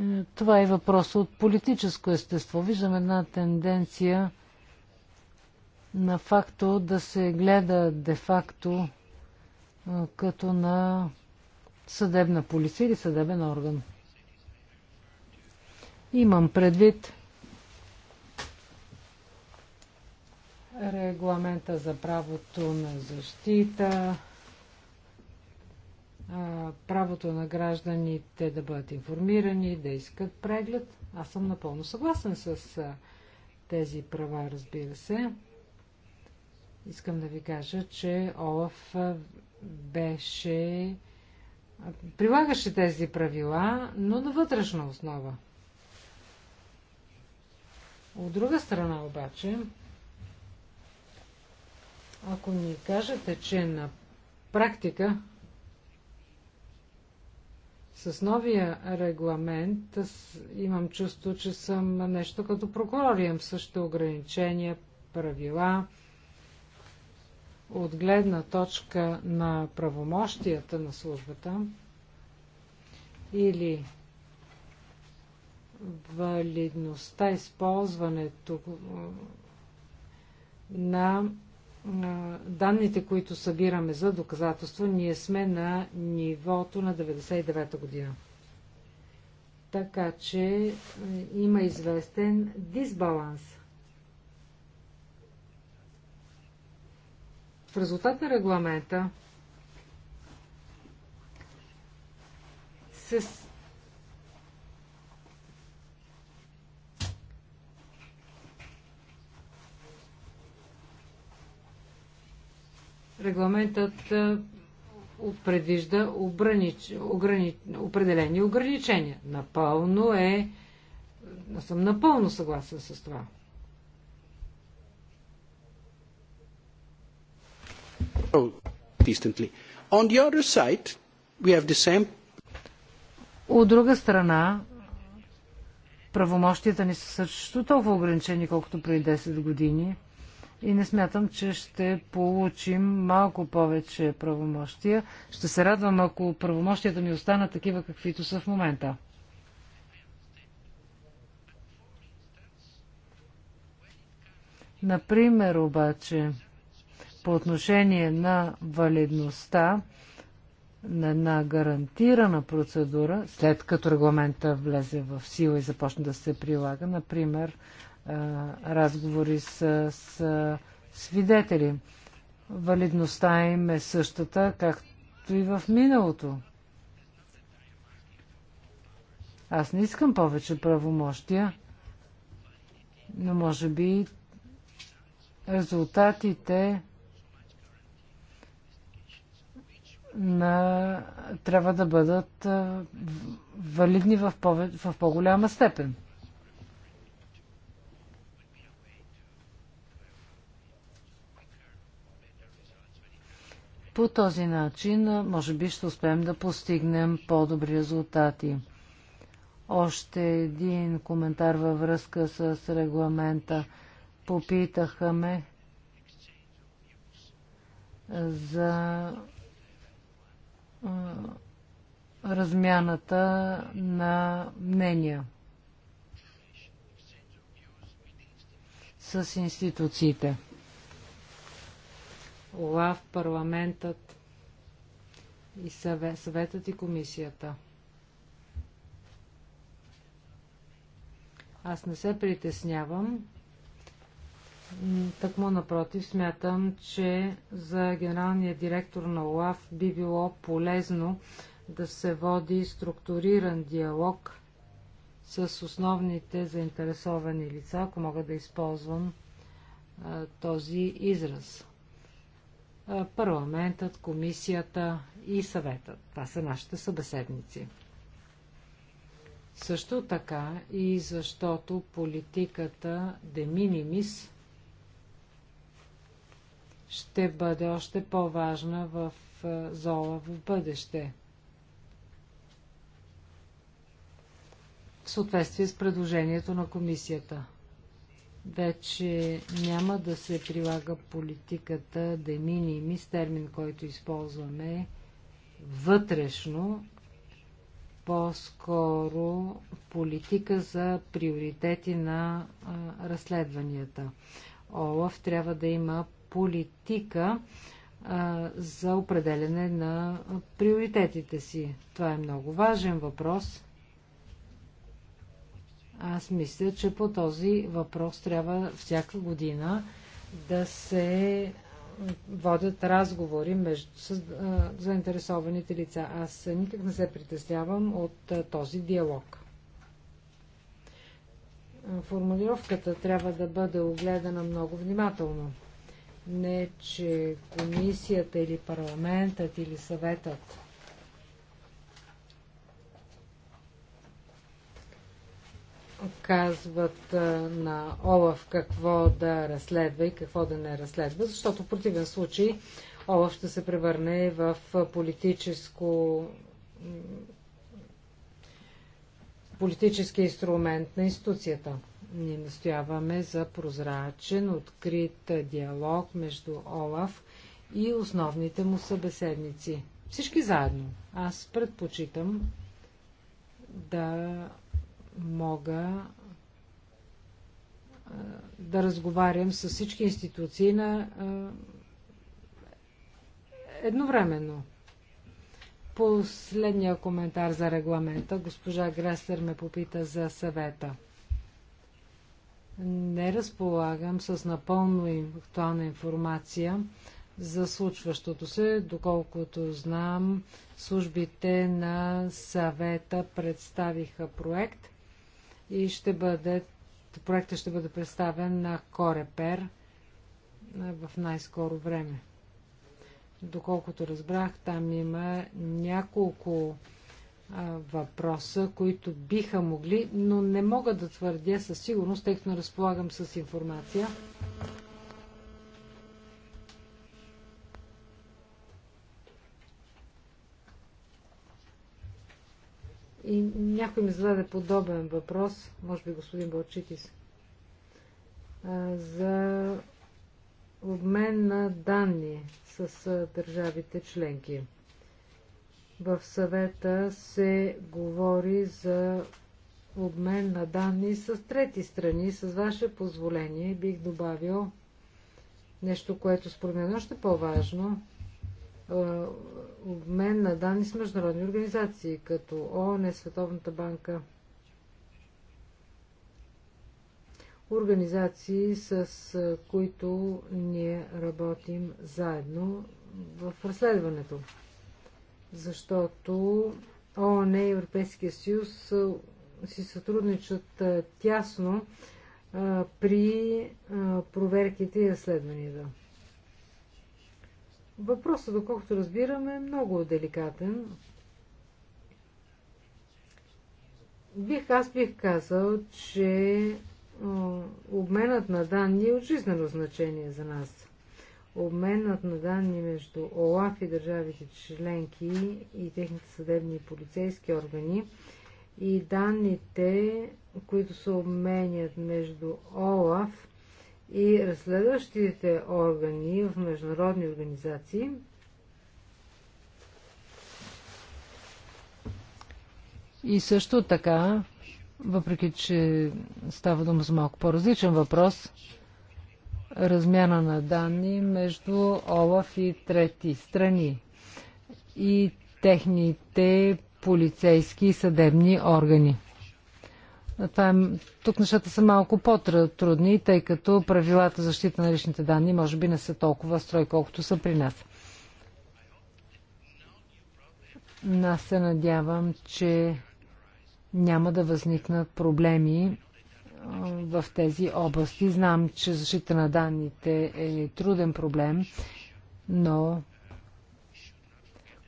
Speaker 2: Е, това е въпрос от политическо естество. Виждам една тенденция на факто да се гледа де-факто е, като на съдебна полиция или съдебен орган. Имам предвид регламента за правото на защита, правото на гражданите да бъдат информирани, да искат преглед. Аз съм напълно съгласен с тези права, разбира се. Искам да ви кажа, че ОЛАФ беше прилагаше тези правила, но на вътрешна основа. От друга страна обаче, ако ни кажете, че на практика с новия регламент имам чувство, че съм нещо като прокурор. Имам също ограничения, правила. От гледна точка на правомощията на службата или валидността, използването на данните, които събираме за доказателство, ние сме на нивото на 99-та година. Така че е, има известен дисбаланс. В резултат на регламента се Регламентът предвижда огранич... Ограни... определени ограничения. Напълно е. Аз съм напълно съгласен с това. От друга страна, правомощията ни са също толкова ограничени, колкото преди 10 години и не смятам, че ще получим малко повече правомощия. Ще се радвам, ако правомощията ми останат такива, каквито са в момента. Например, обаче, по отношение на валидността на една гарантирана процедура, след като регламента влезе в сила и започне да се прилага, например, разговори с, с свидетели. Валидността им е същата, както и в миналото. Аз не искам повече правомощия, но може би резултатите на, трябва да бъдат валидни в, пове, в по-голяма степен. По този начин, може би, ще успеем да постигнем по-добри резултати. Още един коментар във връзка с регламента. Попитаха ме за размяната на мнения с институциите. ОЛАВ, парламентът и съвет, съветът и комисията. Аз не се притеснявам. Такмо напротив, смятам, че за генералния директор на ОЛАВ би било полезно да се води структуриран диалог с основните заинтересовани лица, ако мога да използвам а, този израз парламентът, комисията и съвета. Това са нашите събеседници. Също така и защото политиката де минимис ще бъде още по-важна в зола в бъдеще. В съответствие с предложението на комисията вече няма да се прилага политиката де минимис, термин, който използваме вътрешно, по-скоро политика за приоритети на а, разследванията. ОЛАФ трябва да има политика а, за определене на приоритетите си. Това е много важен въпрос аз мисля, че по този въпрос трябва всяка година да се водят разговори между, с а, заинтересованите лица. Аз никак не се притеснявам от а, този диалог. Формулировката трябва да бъде огледана много внимателно. Не, че комисията или парламентът или съветът казват на Олаф какво да разследва и какво да не разследва, защото в противен случай Олаф ще се превърне в политическо политически инструмент на институцията. Ние настояваме за прозрачен, открит диалог между Олаф и основните му събеседници. Всички заедно. Аз предпочитам да мога да разговарям с всички институции на едновременно. Последния коментар за регламента. Госпожа Грестер ме попита за съвета. Не разполагам с напълно актуална информация за случващото се. Доколкото знам, службите на съвета представиха проект – и ще бъде, проектът ще бъде представен на Корепер в най-скоро време. Доколкото разбрах, там има няколко въпроса, които биха могли, но не мога да твърдя със сигурност, тъй като не разполагам с информация. И някой ми зададе подобен въпрос, може би господин Балчитис, за обмен на данни с държавите членки. В съвета се говори за обмен на данни с трети страни. С ваше позволение бих добавил нещо, което според мен е още по-важно обмен на данни с международни организации, като ООН, Световната банка, организации, с които ние работим заедно в разследването. Защото ООН и Европейския съюз си сътрудничат тясно при проверките и разследванията. Да. Въпросът, доколкото разбираме, е много деликатен. Бих, аз бих казал, че обменът на данни е от жизнено значение за нас. Обменът на данни между ОЛАФ и държавите членки и техните съдебни и полицейски органи и данните, които се обменят между ОЛАФ и разследващите органи в международни организации И също така, въпреки че става дума за малко по-различен въпрос, размяна на данни между ОЛАФ и трети страни и техните полицейски и съдебни органи. Това е, тук нещата са малко по-трудни, тъй като правилата за защита на личните данни може би не са толкова строй, колкото са при нас. Аз се надявам, че няма да възникнат проблеми в тези области. Знам, че защита на данните е труден проблем, но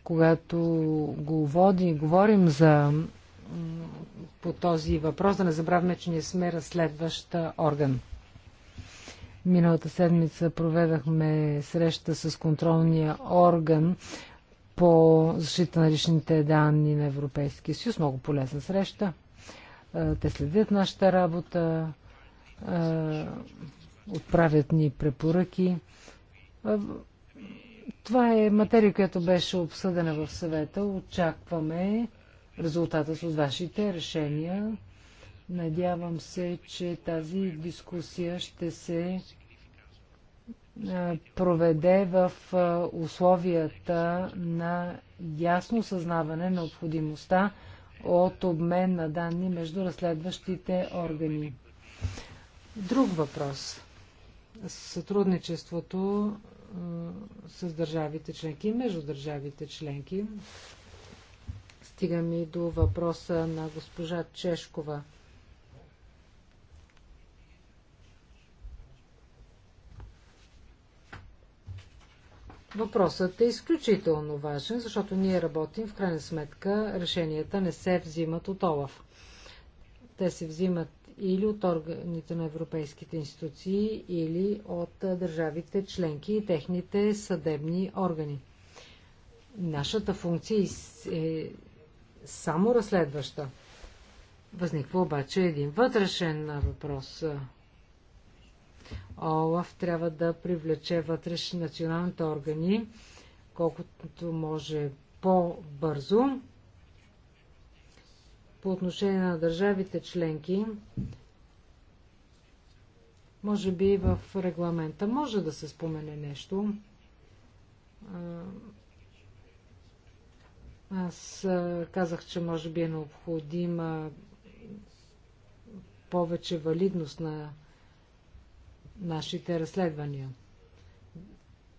Speaker 2: когато го води, говорим за по този въпрос. Да не забравяме, че ние сме разследващ орган. Миналата седмица проведахме среща с контролния орган по защита на личните данни на Европейския съюз. Много полезна среща. Е, те следят нашата работа, е, отправят ни препоръки. Е, това е материя, която беше обсъдена в съвета. Очакваме резултатът от вашите решения. Надявам се, че тази дискусия ще се проведе в условията на ясно съзнаване на необходимостта от обмен на данни между разследващите органи. Друг въпрос. Сътрудничеството с държавите членки и между държавите членки Стигаме и до въпроса на госпожа Чешкова. Въпросът е изключително важен, защото ние работим, в крайна сметка решенията не се взимат от ОЛАВ. Те се взимат или от органите на европейските институции, или от държавите членки и техните съдебни органи. Нашата функция е само разследваща. Възниква обаче един вътрешен въпрос. ОЛАФ трябва да привлече вътрешни националните органи колкото може по-бързо. По отношение на държавите членки, може би в регламента може да се спомене нещо аз казах, че може би е необходима повече валидност на нашите разследвания.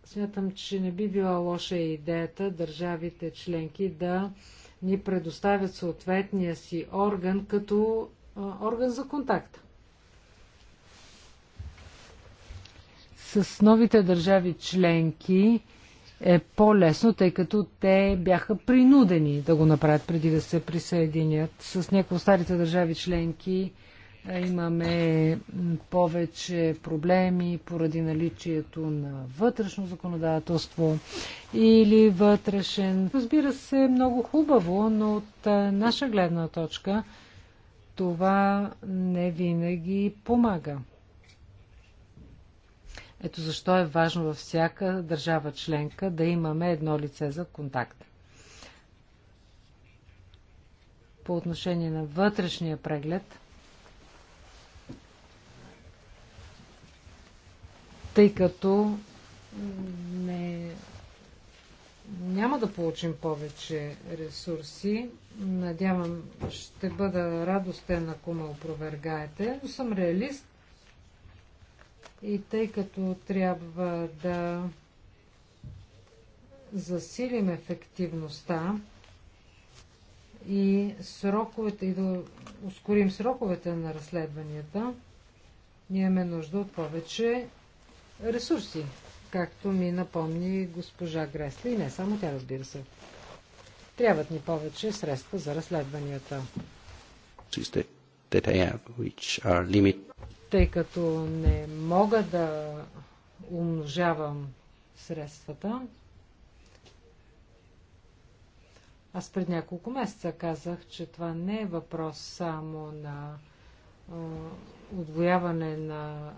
Speaker 2: Смятам, че не би била лоша идеята държавите членки да ни предоставят съответния си орган като орган за контакт. С новите държави членки е по-лесно, тъй като те бяха принудени да го направят преди да се присъединят. С някои от старите държави членки имаме повече проблеми поради наличието на вътрешно законодателство или вътрешен. Разбира се, много хубаво, но от наша гледна точка това не винаги помага. Ето защо е важно във всяка държава членка да имаме едно лице за контакт. По отношение на вътрешния преглед, тъй като не, няма да получим повече ресурси. Надявам, ще бъда радостен, ако ме опровергаете, но съм реалист и тъй като трябва да засилим ефективността и сроковете, и да ускорим сроковете на разследванията, ние имаме нужда от повече ресурси, както ми напомни госпожа Гресли, и не само тя, разбира се. Трябват ни повече средства за разследванията тъй като не мога да умножавам средствата. Аз пред няколко месеца казах, че това не е въпрос само на отвояване на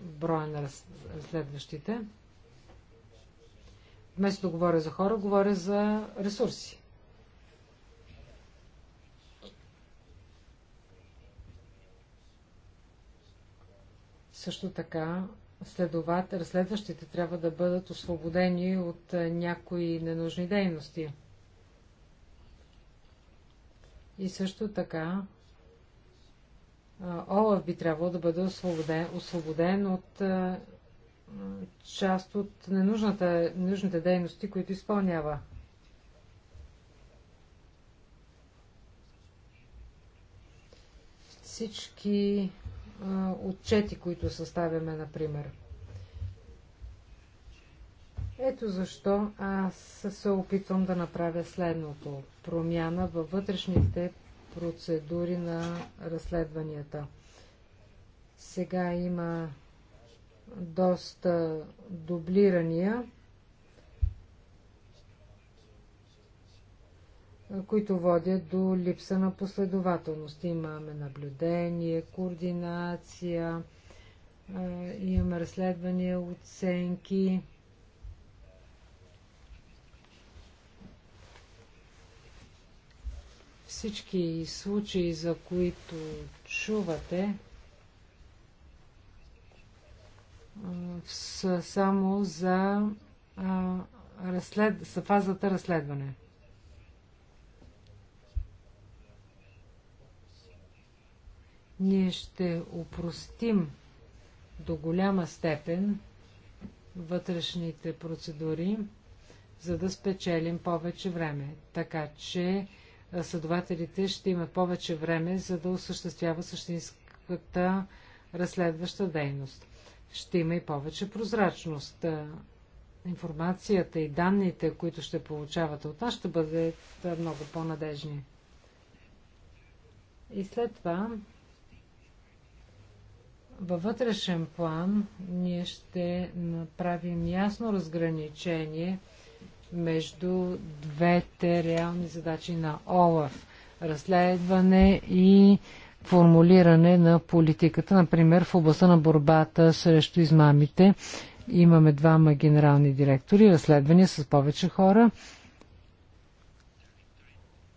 Speaker 2: броя на разследващите. Вместо да говоря за хора, говоря за ресурси. Също така, следоват, разследващите трябва да бъдат освободени от е, някои ненужни дейности. И също така, е, Олаф би трябвало да бъде освободен, освободен от е, част от ненужната, ненужните дейности, които изпълнява. Всички отчети, които съставяме, например. Ето защо аз се опитвам да направя следното. Промяна във вътрешните процедури на разследванията. Сега има доста дублирания които водят до липса на последователност. Имаме наблюдение, координация, имаме разследвания, оценки. Всички случаи, за които чувате, са само за, разслед... фазата разследване. Ние ще упростим до голяма степен вътрешните процедури, за да спечелим повече време. Така че следователите ще имат повече време, за да осъществява същинската разследваща дейност. Ще има и повече прозрачност. Информацията и данните, които ще получавате от нас, ще бъдат много по-надежни. И след това във вътрешен план ние ще направим ясно разграничение между двете реални задачи на ОЛАФ разследване и формулиране на политиката, например в областта на борбата срещу измамите. Имаме двама генерални директори, разследвания с повече хора.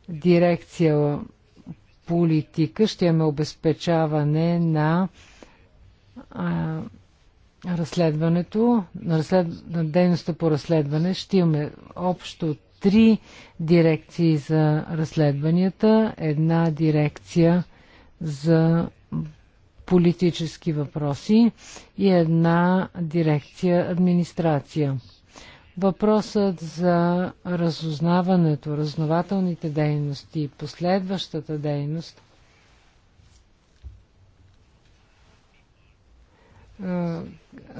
Speaker 2: Дирекция политика ще имаме обезпечаване на а, разследването, на, разслед... на дейността по разследване. Ще имаме общо три дирекции за разследванията, една дирекция за политически въпроси и една дирекция администрация. Въпросът за разузнаването, разнователните дейности и последващата дейност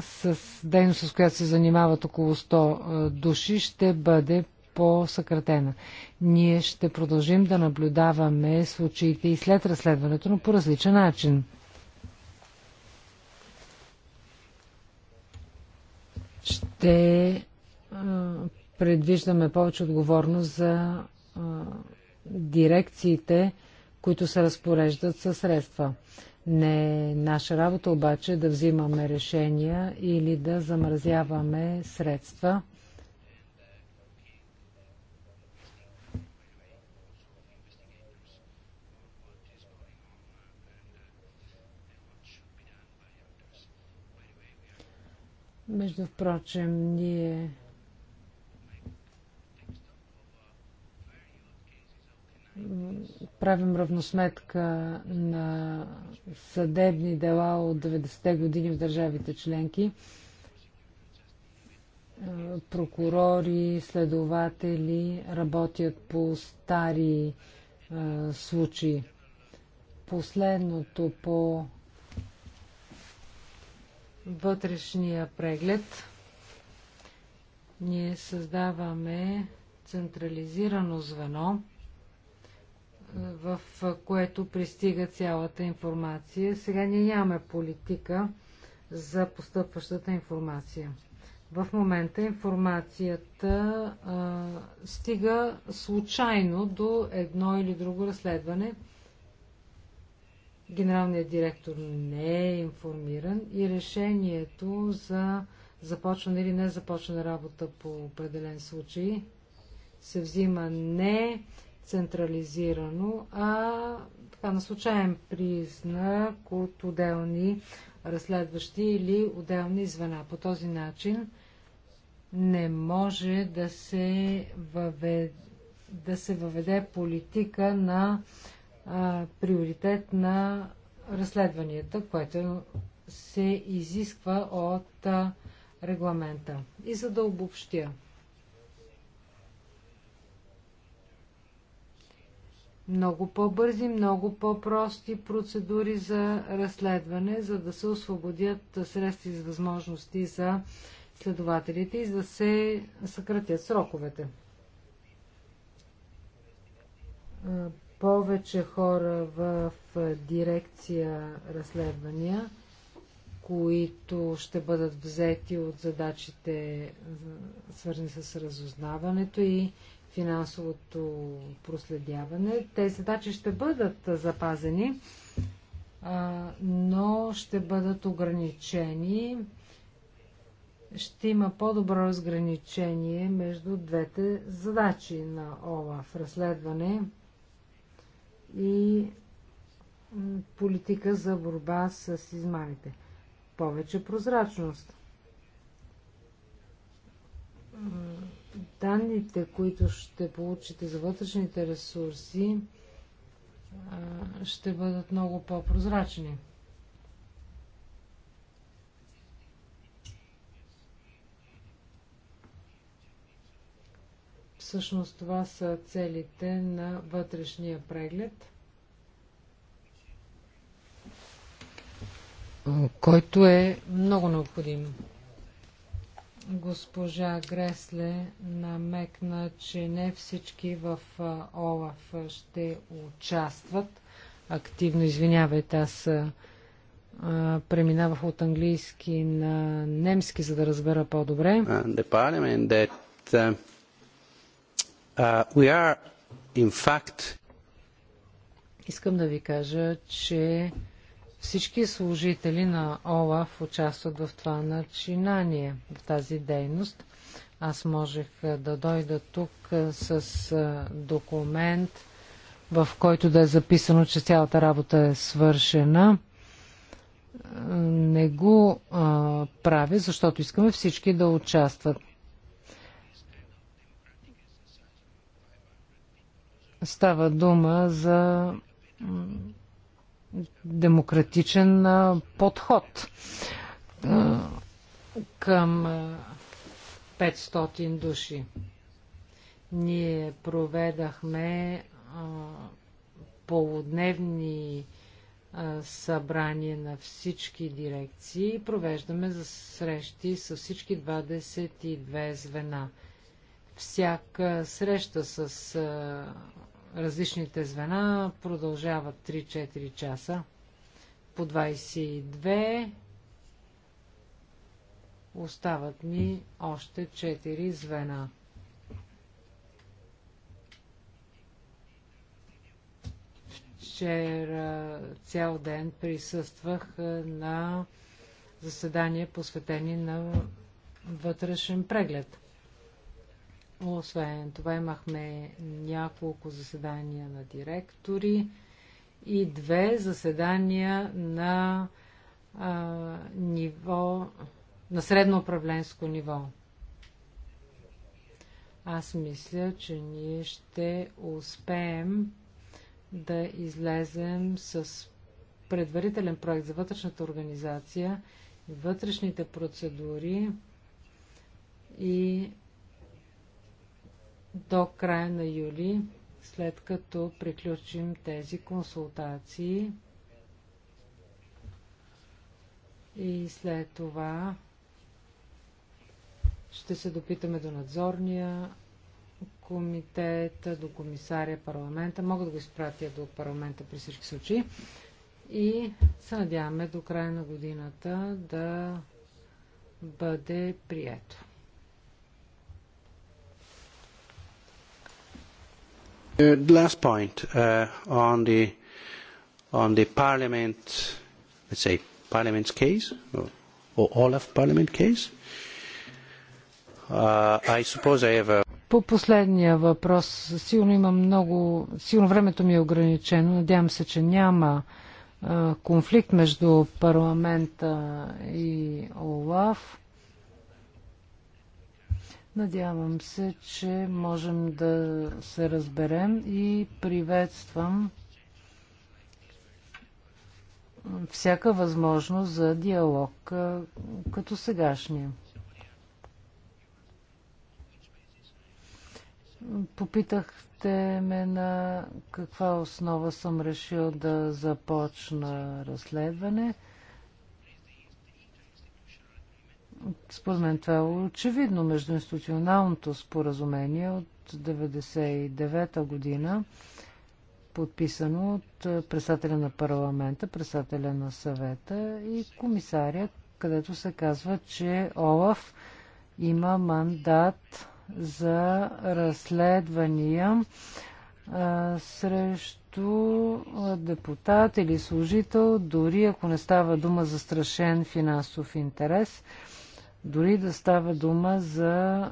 Speaker 2: с дейност, с която се занимават около 100 души, ще бъде по-съкратена. Ние ще продължим да наблюдаваме случаите и след разследването, но по различен начин. Ще предвиждаме повече отговорност за дирекциите, които се разпореждат със средства. Не е наша работа обаче да взимаме решения или да замразяваме средства. Между впрочем, ние правим равносметка на съдебни дела от 90-те години в държавите членки, е, прокурори, следователи работят по стари е, случаи. Последното по вътрешния преглед ние създаваме централизирано звено, в което пристига цялата информация. Сега ние нямаме политика за постъпващата информация. В момента информацията а, стига случайно до едно или друго разследване. Генералният директор не е информиран и решението за започване или не започване работа по определен случай се взима не централизирано, а така, на случайен признак от отделни разследващи или отделни звена. По този начин не може да се въведе, да се въведе политика на а, приоритет на разследванията, което се изисква от а, регламента. И за да обобщя – много по-бързи, много по-прости процедури за разследване, за да се освободят средства и възможности за следователите и за да се съкратят сроковете. Повече хора в дирекция разследвания, които ще бъдат взети от задачите, свързани с разузнаването и финансовото проследяване. Тези задачи ще бъдат запазени, но ще бъдат ограничени. Ще има по-добро разграничение между двете задачи на ОЛАФ разследване и политика за борба с измамите. Повече прозрачност данните, които ще получите за вътрешните ресурси, ще бъдат много по-прозрачни. Всъщност това са целите на вътрешния преглед, който е много необходим. Госпожа Гресле намекна, че не всички в ОЛАФ ще участват активно. Извинявайте, аз преминавах от английски на немски, за да разбера по-добре.
Speaker 1: Uh, uh, uh fact...
Speaker 2: Искам да ви кажа, че всички служители на ОЛАФ участват в това начинание, в тази дейност. Аз можех да дойда тук с документ, в който да е записано, че цялата работа е свършена. Не го а, правя, защото искаме всички да участват. Става дума за демократичен подход към 500 души. Ние проведахме полудневни събрания на всички дирекции и провеждаме за срещи с всички 22 звена. Всяка среща с различните звена продължават 3-4 часа по 22. Остават ни още 4 звена. Вчера цял ден присъствах на заседание, посветени на вътрешен преглед. Освен това имахме няколко заседания на директори и две заседания на а, ниво, на средно управленско ниво. Аз мисля, че ние ще успеем да излезем с предварителен проект за вътрешната организация, вътрешните процедури и до края на юли, след като приключим тези консултации. И след това ще се допитаме до надзорния комитет, до комисария парламента. Мога да го изпратя до парламента при всички случаи. И се надяваме до края на годината да бъде прието.
Speaker 1: Uh, the last point uh, on the on the Parliament, let's say Parliament's case or, or Olaf Parliament case. Uh, I suppose I have a...
Speaker 2: По последния въпрос, силно има много, силно времето ми е ограничено. Надявам се, че няма а, конфликт между парламента и ОЛАФ. Надявам се, че можем да се разберем и приветствам всяка възможност за диалог като сегашния. Попитахте ме на каква основа съм решил да започна разследване – Според мен това е очевидно. институционалното споразумение от 1999 година, подписано от председателя на парламента, председателя на съвета и комисаря, където се казва, че ОЛАФ има мандат за разследвания а, срещу депутат или служител, дори ако не става дума за страшен финансов интерес дори да става дума за,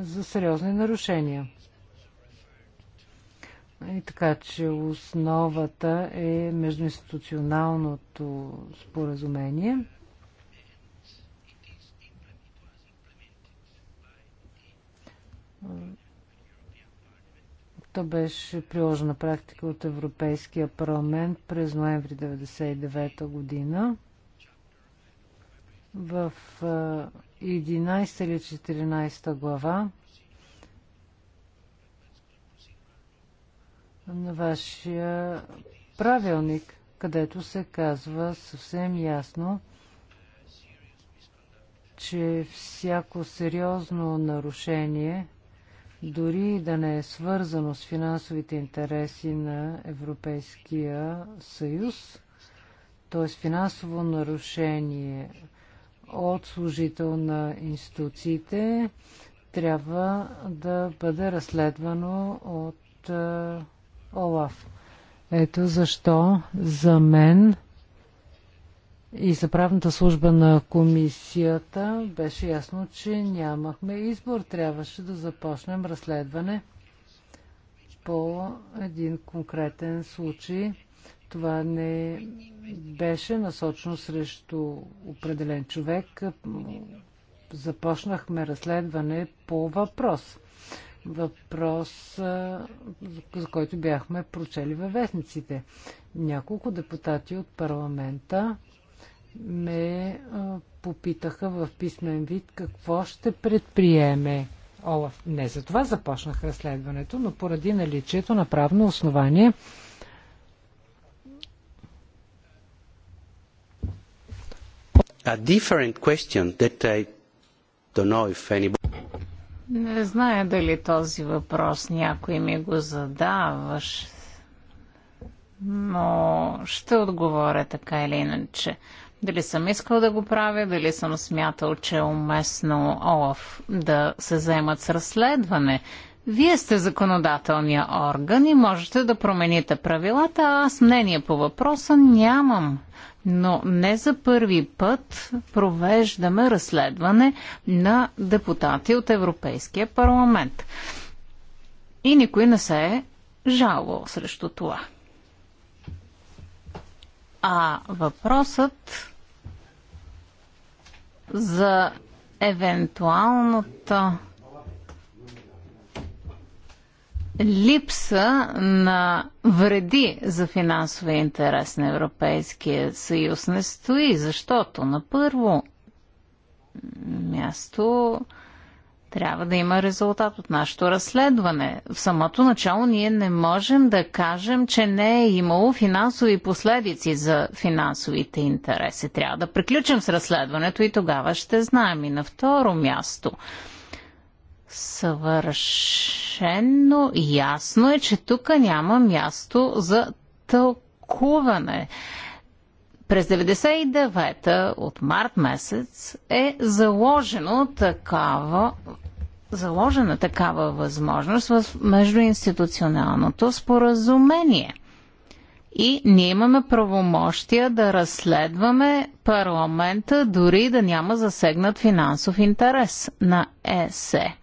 Speaker 2: за сериозни нарушения. И така, че основата е междуинституционалното споразумение. То беше приложена практика от Европейския парламент през ноември 1999 година. В 11 или 14 глава на вашия правилник, където се казва съвсем ясно, че всяко сериозно нарушение, дори да не е свързано с финансовите интереси на Европейския съюз, т.е. финансово нарушение от служител на институциите трябва да бъде разследвано от е, ОЛАФ. Ето защо за мен и за правната служба на комисията беше ясно, че нямахме избор. Трябваше да започнем разследване по един конкретен случай – това не беше насочено срещу определен човек. Започнахме разследване по въпрос. Въпрос, за който бяхме прочели във вестниците. Няколко депутати от парламента ме попитаха в писмен вид какво ще предприеме Олаф. Не за това започнах разследването, но поради наличието на правно основание
Speaker 1: a different question that I don't know if anybody...
Speaker 4: Не зная дали този въпрос някой ми го задаваш,
Speaker 1: но
Speaker 4: ще отговоря така или иначе. Дали съм искал да го правя, дали съм смятал, че е уместно Олаф да се заемат с разследване вие сте законодателния орган и можете да промените правилата, а аз мнение по въпроса нямам. Но не за първи път провеждаме разследване на депутати от Европейския парламент. И никой не се е жалвал срещу това. А въпросът за евентуалната липса на вреди за финансовия интерес на Европейския съюз не стои, защото на първо място трябва да има резултат от нашето разследване. В самото начало ние не можем да кажем, че не е имало финансови последици за финансовите интереси. Трябва да приключим с разследването и тогава ще знаем. И на второ място – Съвършено ясно е, че тук няма място за тълкуване. През 99-та от март месец е заложено такава заложена такава възможност в междуинституционалното споразумение. И ние имаме правомощия да разследваме парламента, дори да няма засегнат финансов интерес на ЕСЕ.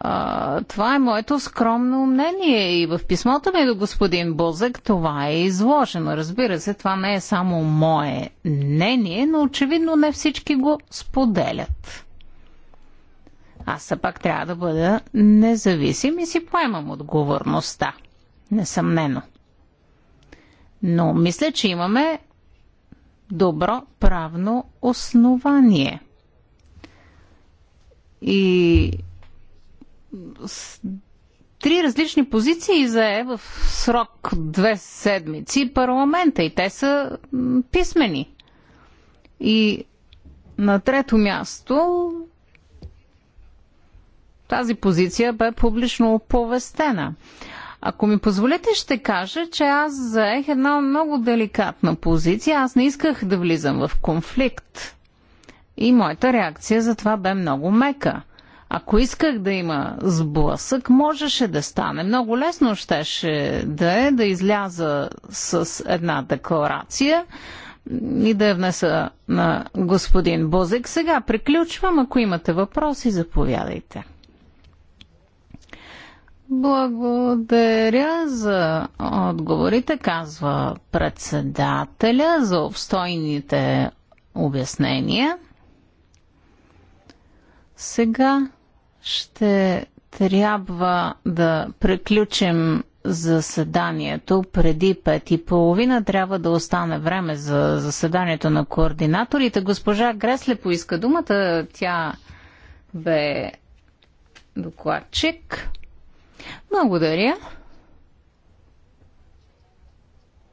Speaker 4: А, това е моето скромно мнение и в писмото ми до господин Бозък това е изложено. Разбира се, това не е само мое мнение, но очевидно не всички го споделят. Аз все пак трябва да бъда независим и си поемам отговорността. Несъмнено. Но мисля, че имаме добро правно основание. И три различни позиции зае в срок две седмици парламента и те са писмени. И на трето място тази позиция бе публично оповестена. Ако ми позволите, ще кажа, че аз заех една много деликатна позиция. Аз не исках да влизам в конфликт. И моята реакция за това бе много мека. Ако исках да има сблъсък, можеше да стане. Много лесно щеше да е да изляза с една декларация и да я внеса на господин Бозек. Сега приключвам. Ако имате въпроси, заповядайте. Благодаря за отговорите, казва председателя, за обстойните обяснения. Сега ще трябва да преключим заседанието преди пет и половина. Трябва да остане време за заседанието на координаторите. Госпожа Гресле поиска думата. Тя бе докладчик. Благодаря.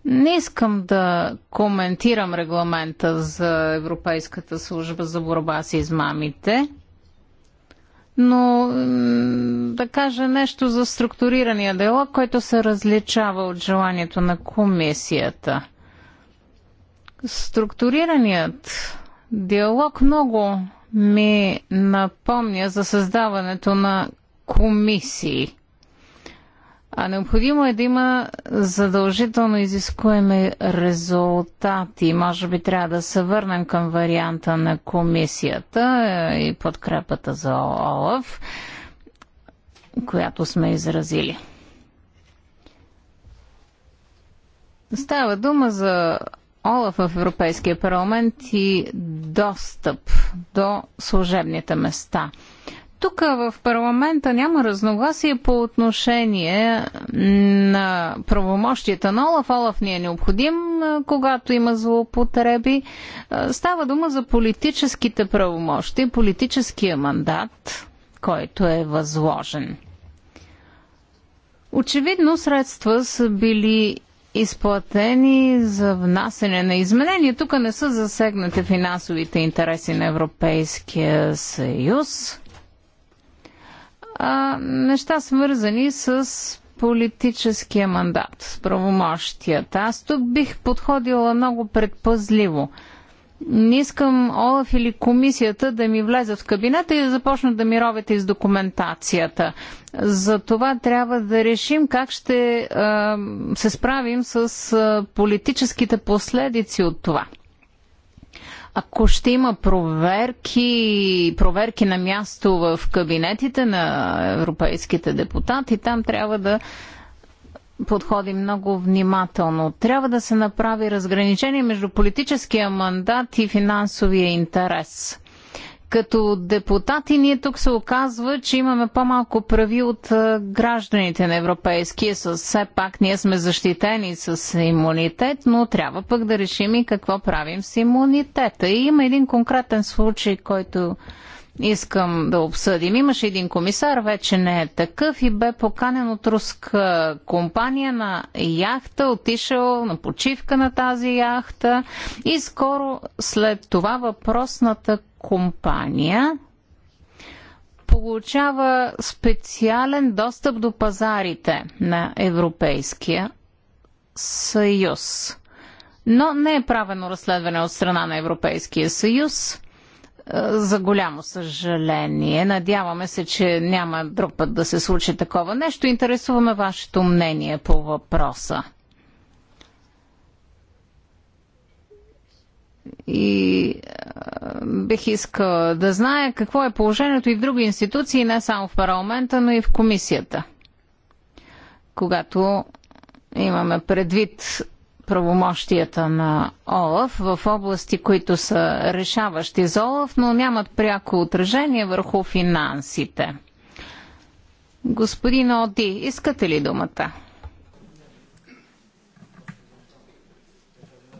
Speaker 4: Не искам да коментирам регламента за Европейската служба за борба с измамите но да кажа нещо за структурирания диалог, който се различава от желанието на комисията. Структурираният диалог много ми напомня за създаването на комисии. А необходимо е да има задължително изискуеми резултати. Може би трябва да се върнем към варианта на комисията е, и подкрепата за Олав, която сме изразили. Става дума за Олаф в Европейския парламент и достъп до служебните места. Тук в парламента няма разногласие по отношение на правомощията на Олаф. Олаф ни е необходим, когато има злоупотреби. Става дума за политическите правомощи, политическия мандат, който е възложен. Очевидно средства са били изплатени за внасене на изменения. Тук не са засегнати финансовите интереси на Европейския съюз а, неща свързани с политическия мандат, с правомощията. Аз тук бих подходила много предпазливо. Не искам Олаф или комисията да ми влезат в кабинета и да започнат да ми робят из документацията. За това трябва да решим как ще а, се справим с а, политическите последици от това. Ако ще има проверки, проверки на място в кабинетите на европейските депутати, там трябва да подходи много внимателно. Трябва да се направи разграничение между политическия мандат и финансовия интерес. Като депутати ние тук се оказва, че имаме по-малко прави от гражданите на Европейския съюз. Все пак ние сме защитени с имунитет, но трябва пък да решим и какво правим с имунитета. И има един конкретен случай, който искам да обсъдим. Имаше един комисар, вече не е такъв и бе поканен от руска компания на яхта, отишъл на почивка на тази яхта и скоро след това въпросната компания получава специален достъп до пазарите на Европейския съюз. Но не е правено разследване от страна на Европейския съюз е, за голямо съжаление. Надяваме се, че няма друг път да се случи такова нещо. Интересуваме вашето мнение по въпроса. И е, бих искала да знае какво е положението и в други институции, не само в парламента, но и в комисията. Когато имаме предвид правомощията на ОЛАФ в области, които са решаващи за ОЛАФ, но нямат пряко отражение върху финансите. Господин Оди, искате ли думата?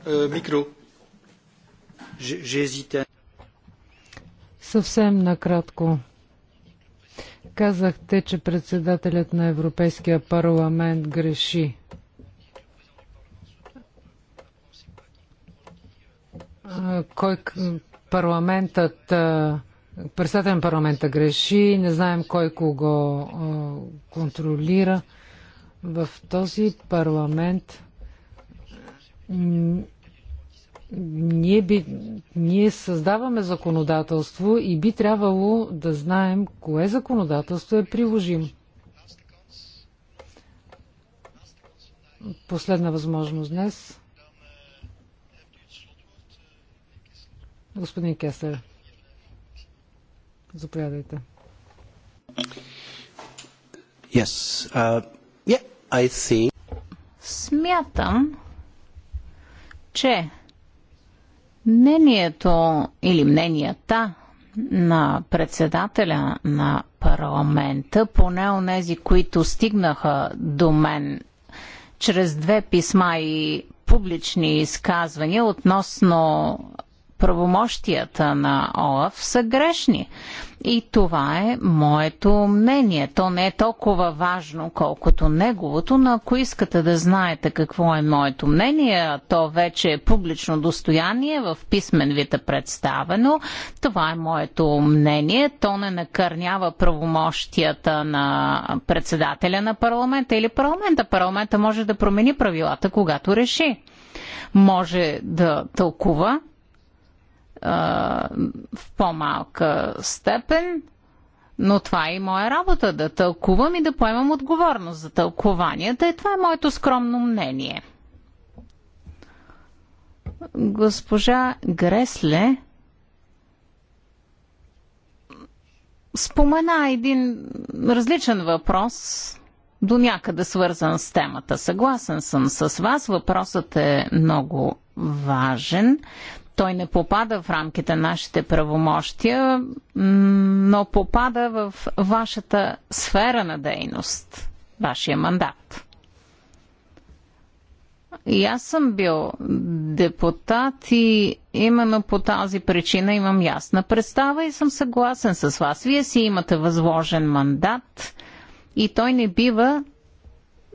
Speaker 1: Е, микро.
Speaker 2: Съвсем накратко. Казахте, че председателят на Европейския парламент греши кой парламентът, председател на парламента греши, не знаем кой кого контролира. В този парламент ние, би, ние създаваме законодателство и би трябвало да знаем кое законодателство е приложимо. Последна възможност днес. Господин Кесър, заповядайте.
Speaker 1: Yes, uh, yeah, I see.
Speaker 4: Смятам, че мнението или мненията на председателя на парламента, поне онези, които стигнаха до мен чрез две писма и публични изказвания относно правомощията на ОЛАФ са грешни. И това е моето мнение. То не е толкова важно, колкото неговото, но ако искате да знаете какво е моето мнение, то вече е публично достояние, в писмен вид е представено. Това е моето мнение. То не накърнява правомощията на председателя на парламента или парламента. Парламента може да промени правилата, когато реши. Може да тълкува в по-малка степен, но това е и моя работа да тълкувам и да поемам отговорност за тълкованията и това е моето скромно мнение. Госпожа Гресле спомена един различен въпрос, до някъде свързан с темата. Съгласен съм с вас, въпросът е много важен. Той не попада в рамките на нашите правомощия, но попада в вашата сфера на дейност, вашия мандат. И аз съм бил депутат и именно по тази причина имам ясна представа и съм съгласен с вас. Вие си имате възложен мандат и той не бива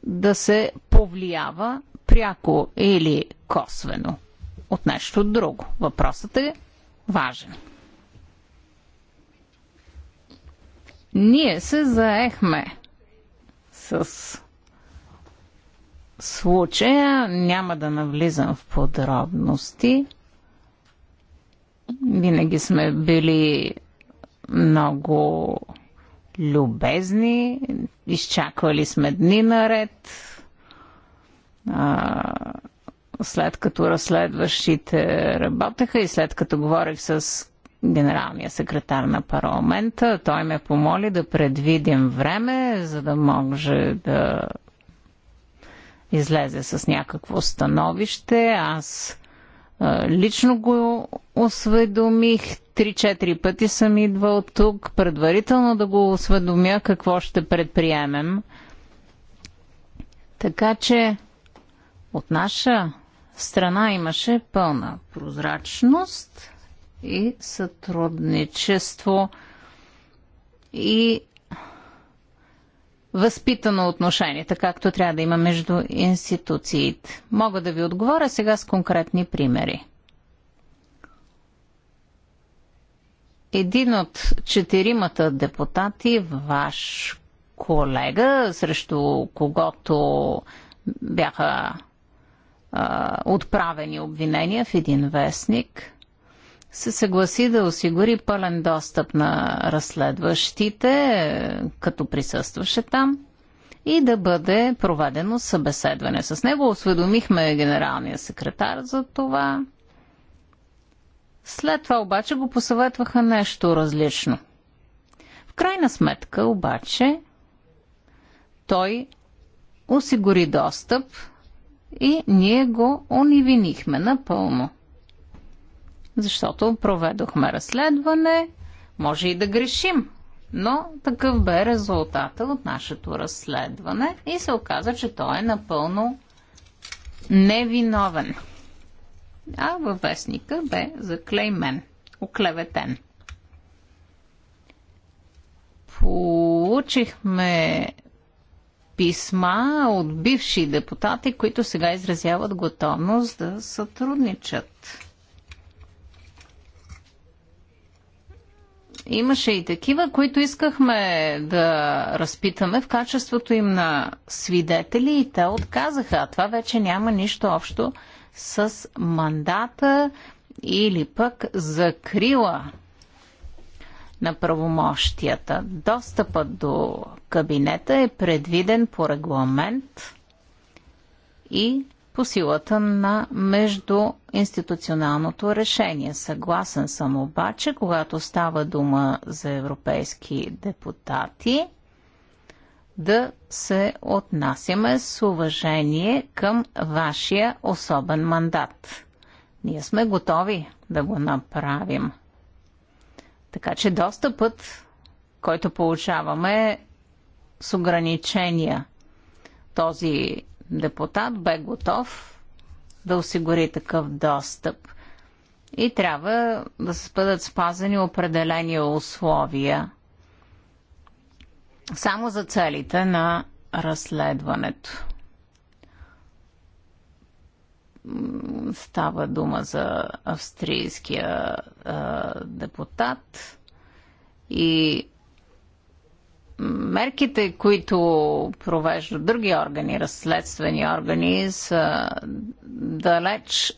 Speaker 4: да се повлиява пряко или косвено от нещо друго. Въпросът е важен. Ние се заехме с случая, няма да навлизам в подробности. Винаги сме били много любезни, изчаквали сме дни наред. А, след като разследващите работеха и след като говорих с генералния секретар на парламента, той ме помоли да предвидим време, за да може да излезе с някакво становище. Аз лично го осведомих. Три-четири пъти съм идвал тук, предварително да го осведомя какво ще предприемем. Така че от наша страна имаше пълна прозрачност и сътрудничество и възпитано отношенията, както трябва да има между институциите. Мога да ви отговоря сега с конкретни примери. Един от четиримата депутати, ваш колега, срещу когото бяха отправени обвинения в един вестник, се съгласи да осигури пълен достъп на разследващите, е, като присъстваше там и да бъде проведено събеседване. С него осведомихме генералния секретар за това. След това обаче го посъветваха нещо различно. В крайна сметка обаче той осигури достъп и ние го унивинихме напълно. Защото проведохме разследване, може и да грешим, но такъв бе резултата от нашето разследване и се оказа, че той е напълно невиновен. А във вестника бе заклеймен, оклеветен. Получихме писма от бивши депутати, които сега изразяват готовност да сътрудничат. Имаше и такива, които искахме да разпитаме в качеството им на свидетели и те отказаха. А това вече няма нищо общо с мандата или пък закрила на правомощията. Достъпът до кабинета е предвиден по регламент и по силата на междуинституционалното решение. Съгласен съм обаче, когато става дума за европейски депутати, да се отнасяме с уважение към вашия особен мандат. Ние сме готови да го направим. Така че достъпът, който получаваме, е с ограничения. Този депутат бе готов да осигури такъв достъп. И трябва да се бъдат спазени определени условия само за целите на разследването. Става дума за австрийския а, депутат и мерките, които провеждат други органи, разследствени органи, са далеч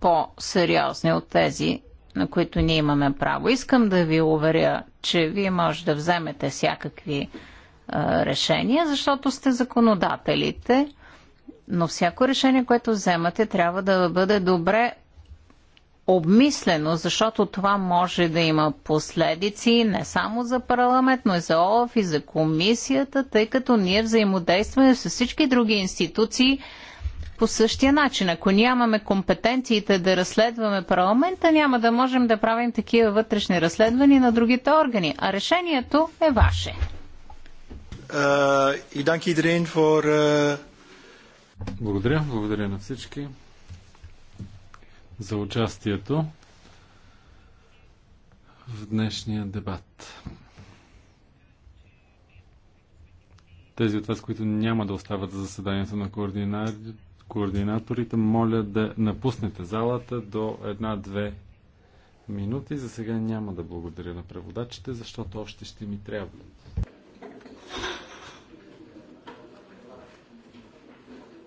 Speaker 4: по-сериозни от тези, на които ние имаме право. Искам да ви уверя, че вие може да вземете всякакви а, решения, защото сте законодателите но всяко решение, което вземате, трябва да бъде добре обмислено, защото това може да има последици не само за парламент, но и за ОЛАФ и за комисията, тъй като ние взаимодействаме с всички други институции по същия начин. Ако нямаме компетенциите да разследваме парламента, няма да можем да правим такива вътрешни разследвания на другите органи. А решението е ваше.
Speaker 1: Uh,
Speaker 3: благодаря. Благодаря на всички за участието в днешния дебат. Тези от вас, които няма да остават за заседанието на координаторите, моля да напуснете залата до една-две минути. За сега няма да благодаря на преводачите, защото още ще ми трябва.